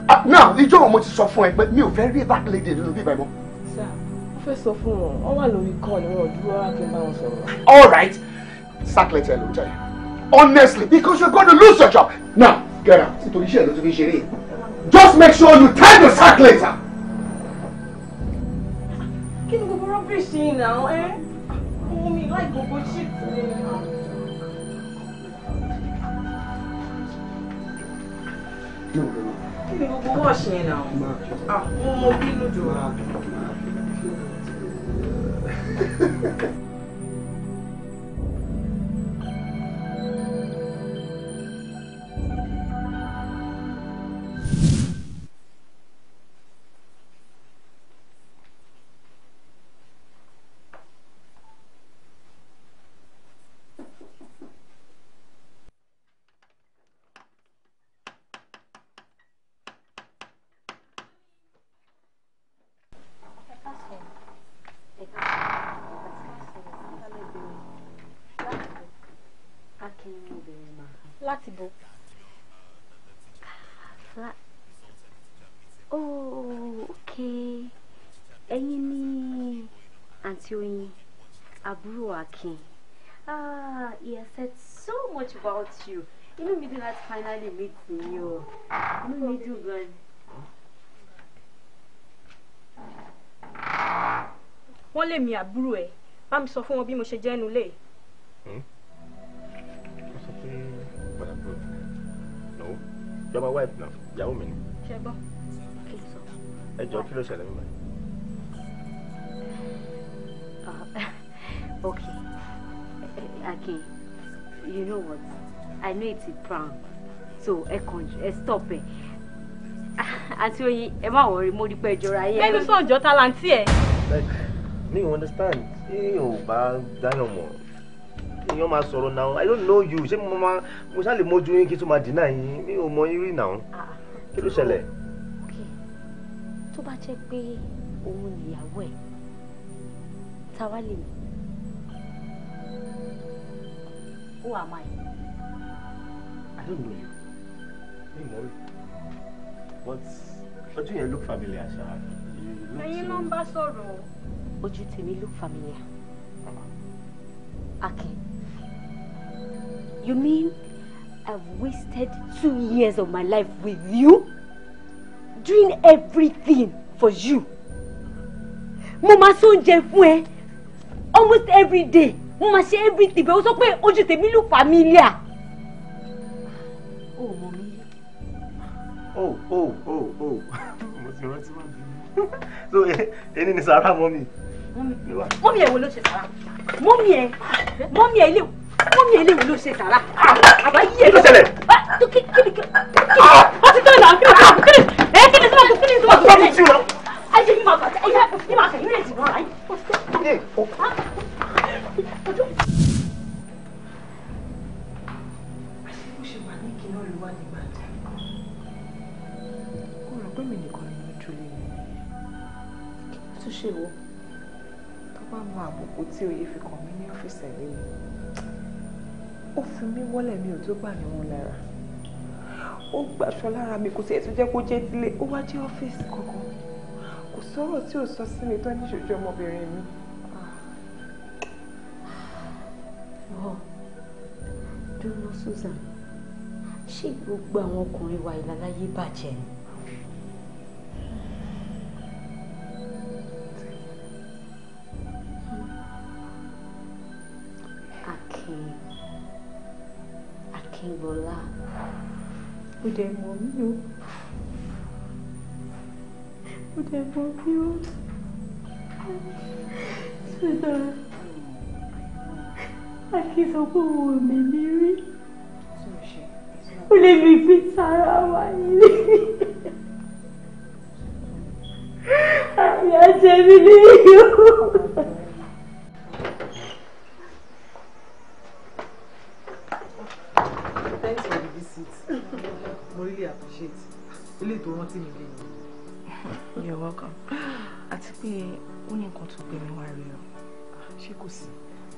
D: Uh, now ìjọ wọn mo ti sọ fún ẹ pé mi ò fẹ́ rí that lady nínú bíbá ẹ mọ́. sá mo
A: fẹ́ sọ fún wọn wọn wà lórí kọ́ọ̀lù wọn ò dúró rárá kí n bá wọn sọ̀rọ̀.
D: all right sack later. ló jẹ́ yẹn honestly because you're going to lose your job now get out nítorí iṣẹ́ ìlú tó fi ṣeré
A: just make sure
D: you tie the sack later.
A: kí ni gbogbo rubbish yìí náà ẹ́ fún mi láì gbogbo shit mi náà.
D: No, no, no.
F: Kí ni gbogbo wọ́ọ̀ṣì
D: yẹn náà? Àwọn ọmọ ah,
G: Akin. Ah, he has said so much about you. Even mi dùn láti finally meet you. o. Inú do dùn gan. Wọ́n lè mi àbúrò ẹ̀. Bá mi sọ fún wọn bí mo ṣe jẹ́ ẹnu lé.
F: Hmm? Wọ́n sọ pé
C: padà bọ̀. No, ìjọba wife now. ìyàwó mi ni.
G: Ṣé gbọ́?
A: Kí ló sọ?
C: Ẹ jọ kí ló ṣẹlẹ̀ mi
G: ah. báyìí. Okay. okay. you know what? I know it's a prank. So, ẹ kàn ẹ stop ẹ. Àti oyin, ẹ má wọrí mo rí pé ìjọra yẹn. Bẹ́ẹ̀ni sọ ọjọ́ ta la ń tí ẹ. Like,
C: me understand, ṣé o bá dáyọ̀ mọ̀? Èèyàn máa sọ̀rọ̀ náà. I don't know you. Ṣé mo máa mo ṣáà lè mójú yín kí n tún máa dínà yín? Mi ò mọ yín rí náà. Ah, ah. Kí ló ṣẹlẹ̀?
G: Tó bá jẹ́ pé òun nìyàwó ẹ̀, ta wá lè mọ̀. Who am I?
C: I don't know you. Hey, Mori. But
G: ojú yẹn look familiar, Ṣá. Ẹyin ló ń bá sọ̀rọ̀. Ojú tèmi look familiar. Okay. you mean I've wasted two years of my life with you? Doing everything for you. Mama máa almost every day wọ́n máa ṣe everything bẹ́ẹ̀ ó sọ pé ojú tèmi ló familiar.
F: ó mọ mi.
C: ó ó ó ó mo ti rántí wọn bí so ẹni ni sàrà mọ mi.
G: mọ mi ẹ wo ló ṣe sàrà mọ mi ẹ mọ mi ẹ ilé mọ mi ẹ ilé wo ló ṣe sàrà àbá yí ẹ lọ ṣẹlẹ̀. Ah, kí ni kí ni ó ti tó ìlànà kí ni ẹ kí ni sọ́wọ́n kí ni sọ́wọ́n kí ni. ayé mi máa kọ̀ ẹ́ yá mi máa kọ̀ ẹ́ yá mi máa kọ̀ ẹ́ yá mi
D: máa
A: kọ̀ ẹ́.
F: ṣe o tó bá mọ àbùkù tí oyè fi kàn mí ní ọ́fíìsì ẹ̀gbẹ́ mi
A: ó fi mí wọ́lẹ̀ mi ò tó gbà ní wọn lára ó gbàṣọ lára mi kò tiẹ̀ tó jẹ́ kó jẹ́ dílé ó wá jẹ́ ọ́fíìsì kankan kò sọ̀rọ̀ tí ò sọ sí mi tó ní ìṣojú ọmọbìnrin mi.
G: Ah. dúró Susan ṣé gbogbo àwọn ọkùnrin wa ìlàláyé bàjẹ́ ni.
A: ó dẹ̀ mọ̀ mí o
F: ó dẹ̀ mọ̀ mí o sweetheart àti sọ pé òun ò mímí rí
A: ó lè mi gbé sára wa nílé àyà jẹ mí ní ìyó.
F: eléyìí tó rántí mi lẹ́yìn. You're welcome. àti pé ó ní nǹkan tó gbé mi wá rí o ṣé kò sí.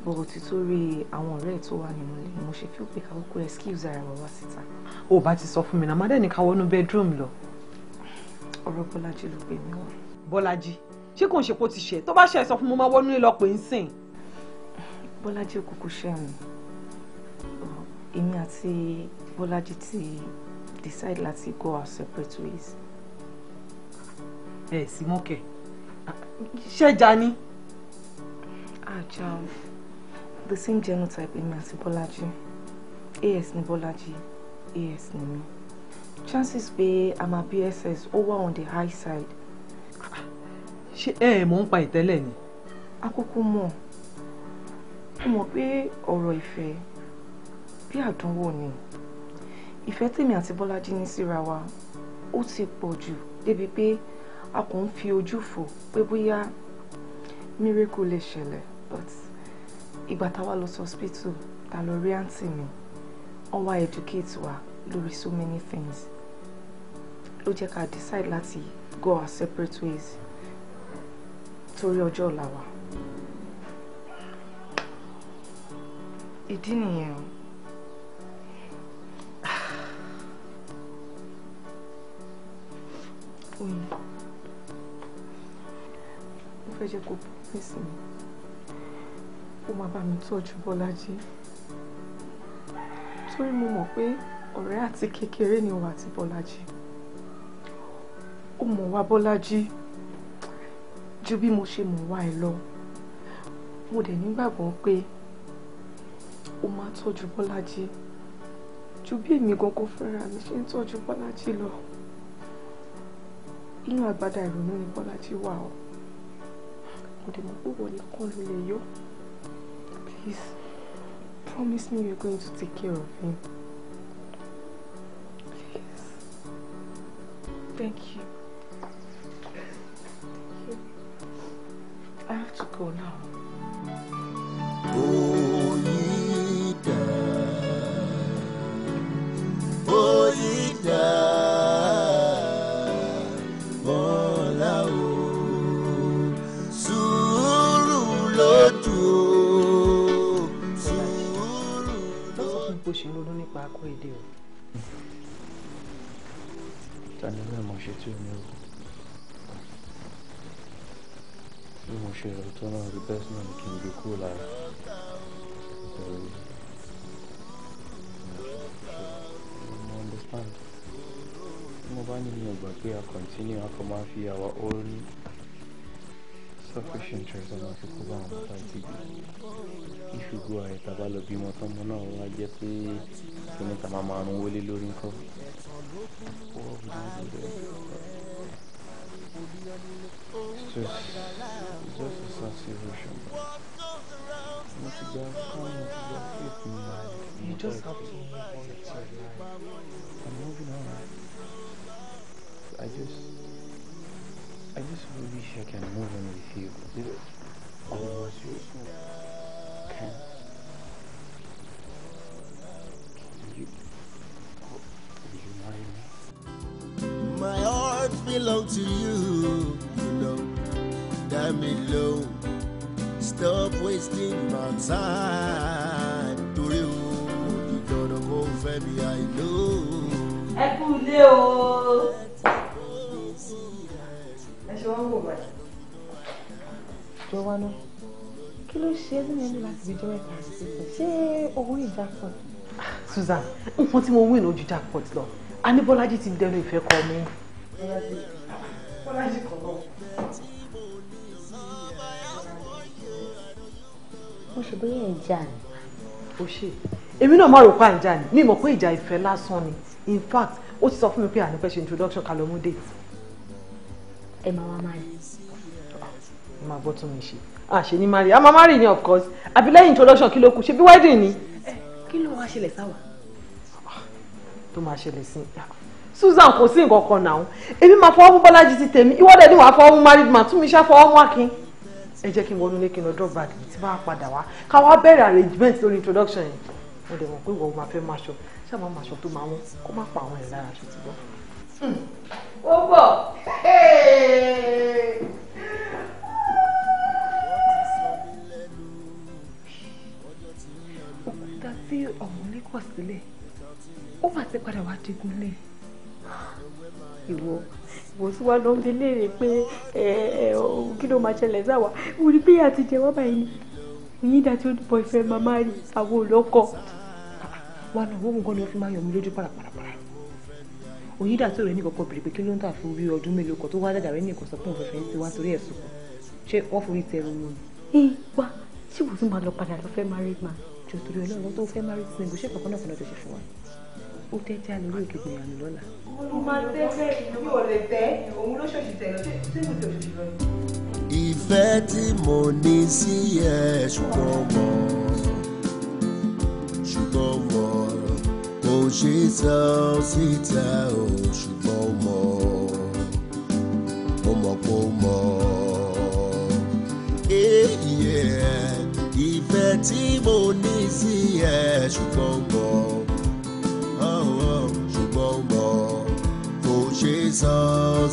F: bọ̀wọ̀ tí rí àwọn ọ̀rẹ́ ẹ̀ tó wà nínú ilé mo ṣe fi pé káwọ́ kó excuse ara wa wá síta. o ò bá ti sọ fún mi náà má dẹ́ni ká wọnú bedroom lọ.
A: ọ̀rọ̀ Bọ́lájí ló gbé mi wá. Bọ́lájí ṣé kò ń ṣe pó ti ṣe tó bá ṣe sọ fún mo máa wọnú lọ pé ń
F: sìn. Bọ́lájí òkùnkùn ṣẹ́rìn èmi àti Bọ́lájí ti decide láti go our separate ways. ẹ Simoke, mọ́kẹ́ ṣẹ́jà Ah, àjà the same genotype in my Bọ́lájí AS ni Bọ́lájí AS ni chances be I'm a BSS ó on the high side. She eh, ẹ̀ mọ̀ pa ìtẹ́lẹ̀ ni. akókó mọ̀ ó mọ̀ pé ọ̀rọ̀ ìfẹ́ bí àdánwò ni ìfẹ́ tèmi àti Bọ́lájí ní síra wa ó ti pọ̀ jù débi pé a kò ń fi ojú fò pé bóyá miracle lè ṣẹlẹ̀ but ìgbà táwa lọ sí hospital ta lọ rí àǹtí mi wọ́n wá educate wa lórí so many things ló jẹ́ ká decide láti go our separate ways torí ọjọ́ ọ̀la wa ìdí nìyẹn o. fún mi mo fẹ́ jẹ́ kó pèsè mi ó máa bá mi tọ́jú Bọ́lájí torí mo mọ̀ pé ọ̀rẹ́ àti kékeré ni wà àti Bọ́lájí ó mọ̀ wá Bọ́lájí ju bí mo ṣe mọ̀ wá ẹ lọ mo dẹ̀ nígbàgbọ́ pé ó máa tọ́jú Bọ́lájí ju bí èmi gangan fúnra mi ṣe ń tọ́jú Bọ́lájí inú agbada ìrònú ni bọ́lá ti wà ọ́ mo dẹ̀ mọ̀ pé wọ́n nìkan ló lè yọ please promise me you're going to take care of him please thank you.
B: continue our own and
C: If you go ahead, I get the just, just
B: a sad
E: You just have to move on with your life. I'm moving on.
F: I just, I just wish I can move on with you. Because I was you can. kind.
A: nípa ìsìnkú ṣé owó Susan nǹkan tí mo win ojú jackpot lọ Aníbọ́lájí ti dẹnu ìfẹ́ kọ mi. Bọ́lájí kọ̀ lọ. mo ṣe bóyá ìjà ni. o ṣe èmi náà má rò pa ìjà ni mi mọ̀ pé ìjà ìfẹ́ lásán ni in fact ó ti sọ fún mi pé àní fẹ́ ṣe introduction kalẹ̀ date. ẹ máa wá máa yẹ. ẹ máa gbọ́ tún mi ṣe àṣẹ ah, ni mari àmọ́ ah, mari ni of course àbí lẹ́yìn introduction kí ló kù ṣe bí wedding ni. Eh, kí ló wá ṣẹlẹ̀ sáwà. Ah, tó máa ṣẹlẹ̀ sí Susan kò sí nǹkan kan náà èmi máa fọwọ́ mú Bọ́lájí ti tèmi ìwọ́dẹ̀ ni wàá fọwọ́ mú married man tún mi ṣá fọwọ́ mú Akin ẹ jẹ́ kí n wọnú lé kí n lọ drop bag tí bá padà wá ká wá bẹ̀rẹ̀ arrangement lórí introduction yẹn mo dẹ̀ mọ̀ pé ìwọ máa fẹ́ máa ṣọ ṣá máa tó máa wọ́n kó má pa àwọn ẹ̀ lára ṣe ti bọ́.
D: Hmm.
G: ó bọ̀
A: tí ọ̀hún ní kọ̀ sílẹ̀ ó mà ti padà wá digun lé ìwọ ìwọ tí wàá ń bi léèrè pé ẹ ẹ kí ló máa ṣẹlẹ̀ sáwa ó rí pé àti jẹ wá báyìí ni yín dá tí ó dúpọ̀ ìfẹ́ màmá rí àwọn olóko wà náà owó nǹkan ni wọ́n fi máa yọ̀ mí lójú pàràpàràpàrà òyìn dàtò rẹ ní kọkọ bèrè pé kí ló ń tà fún bí ọdún mélòó kan tó wá dàdà rẹ ní ìkọsọ fún òfẹfẹ ń ti wá torí ẹ̀sùn ṣé wọ́n forí tẹ ẹrù mi. ẹ wá ṣé wọ́n tún máa lọ padà lọ fẹ́ married man jọ torí ọlọ́run tó fẹ́ marriage negotiate kankan náà fún ọjọ́ ṣe fún wa
F: ó tẹ́ já lórí òkè gbìyànjú lọ́la.
E: ìfẹ́ tí mo ní sí ẹ ṣùgbọ́n mo ṣùgbọ́n mo kò ṣe sọ síta o ṣùgbọ́n mo mo mọ̀ kó mọ̀. Yeah ìfẹ́ tí mo ní sí ẹ ṣùgbọ́n mọ̀ oh, oh, ṣùgbọ́n mọ̀ kò ṣe sọ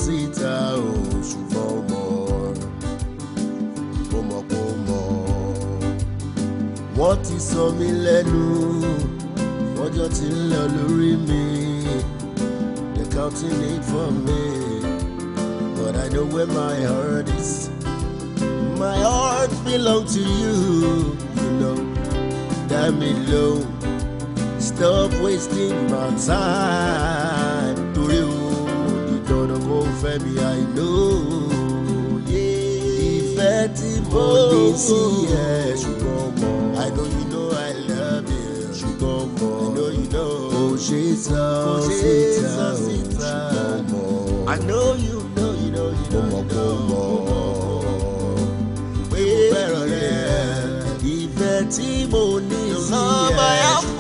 E: síta o ṣùgbọ́n mọ̀ kò mọ̀ kò mọ̀ wọ́n ti sọ mí lẹ́nu ọjọ́ ti ń lọ lórí mi they're counting it for me but I know where my heart is my heart belongs to you. You know, that me alone. Stop wasting my time. To you, you don't kò for me. I know. Yeah. Ìfẹ́ tí mo I know you know I love you. I know you know. Oh, ṣe é sọ síta. Kò ṣe I know you know you know you know. Mo mọ̀ kó mọ̀. tí mo ní sí ẹ.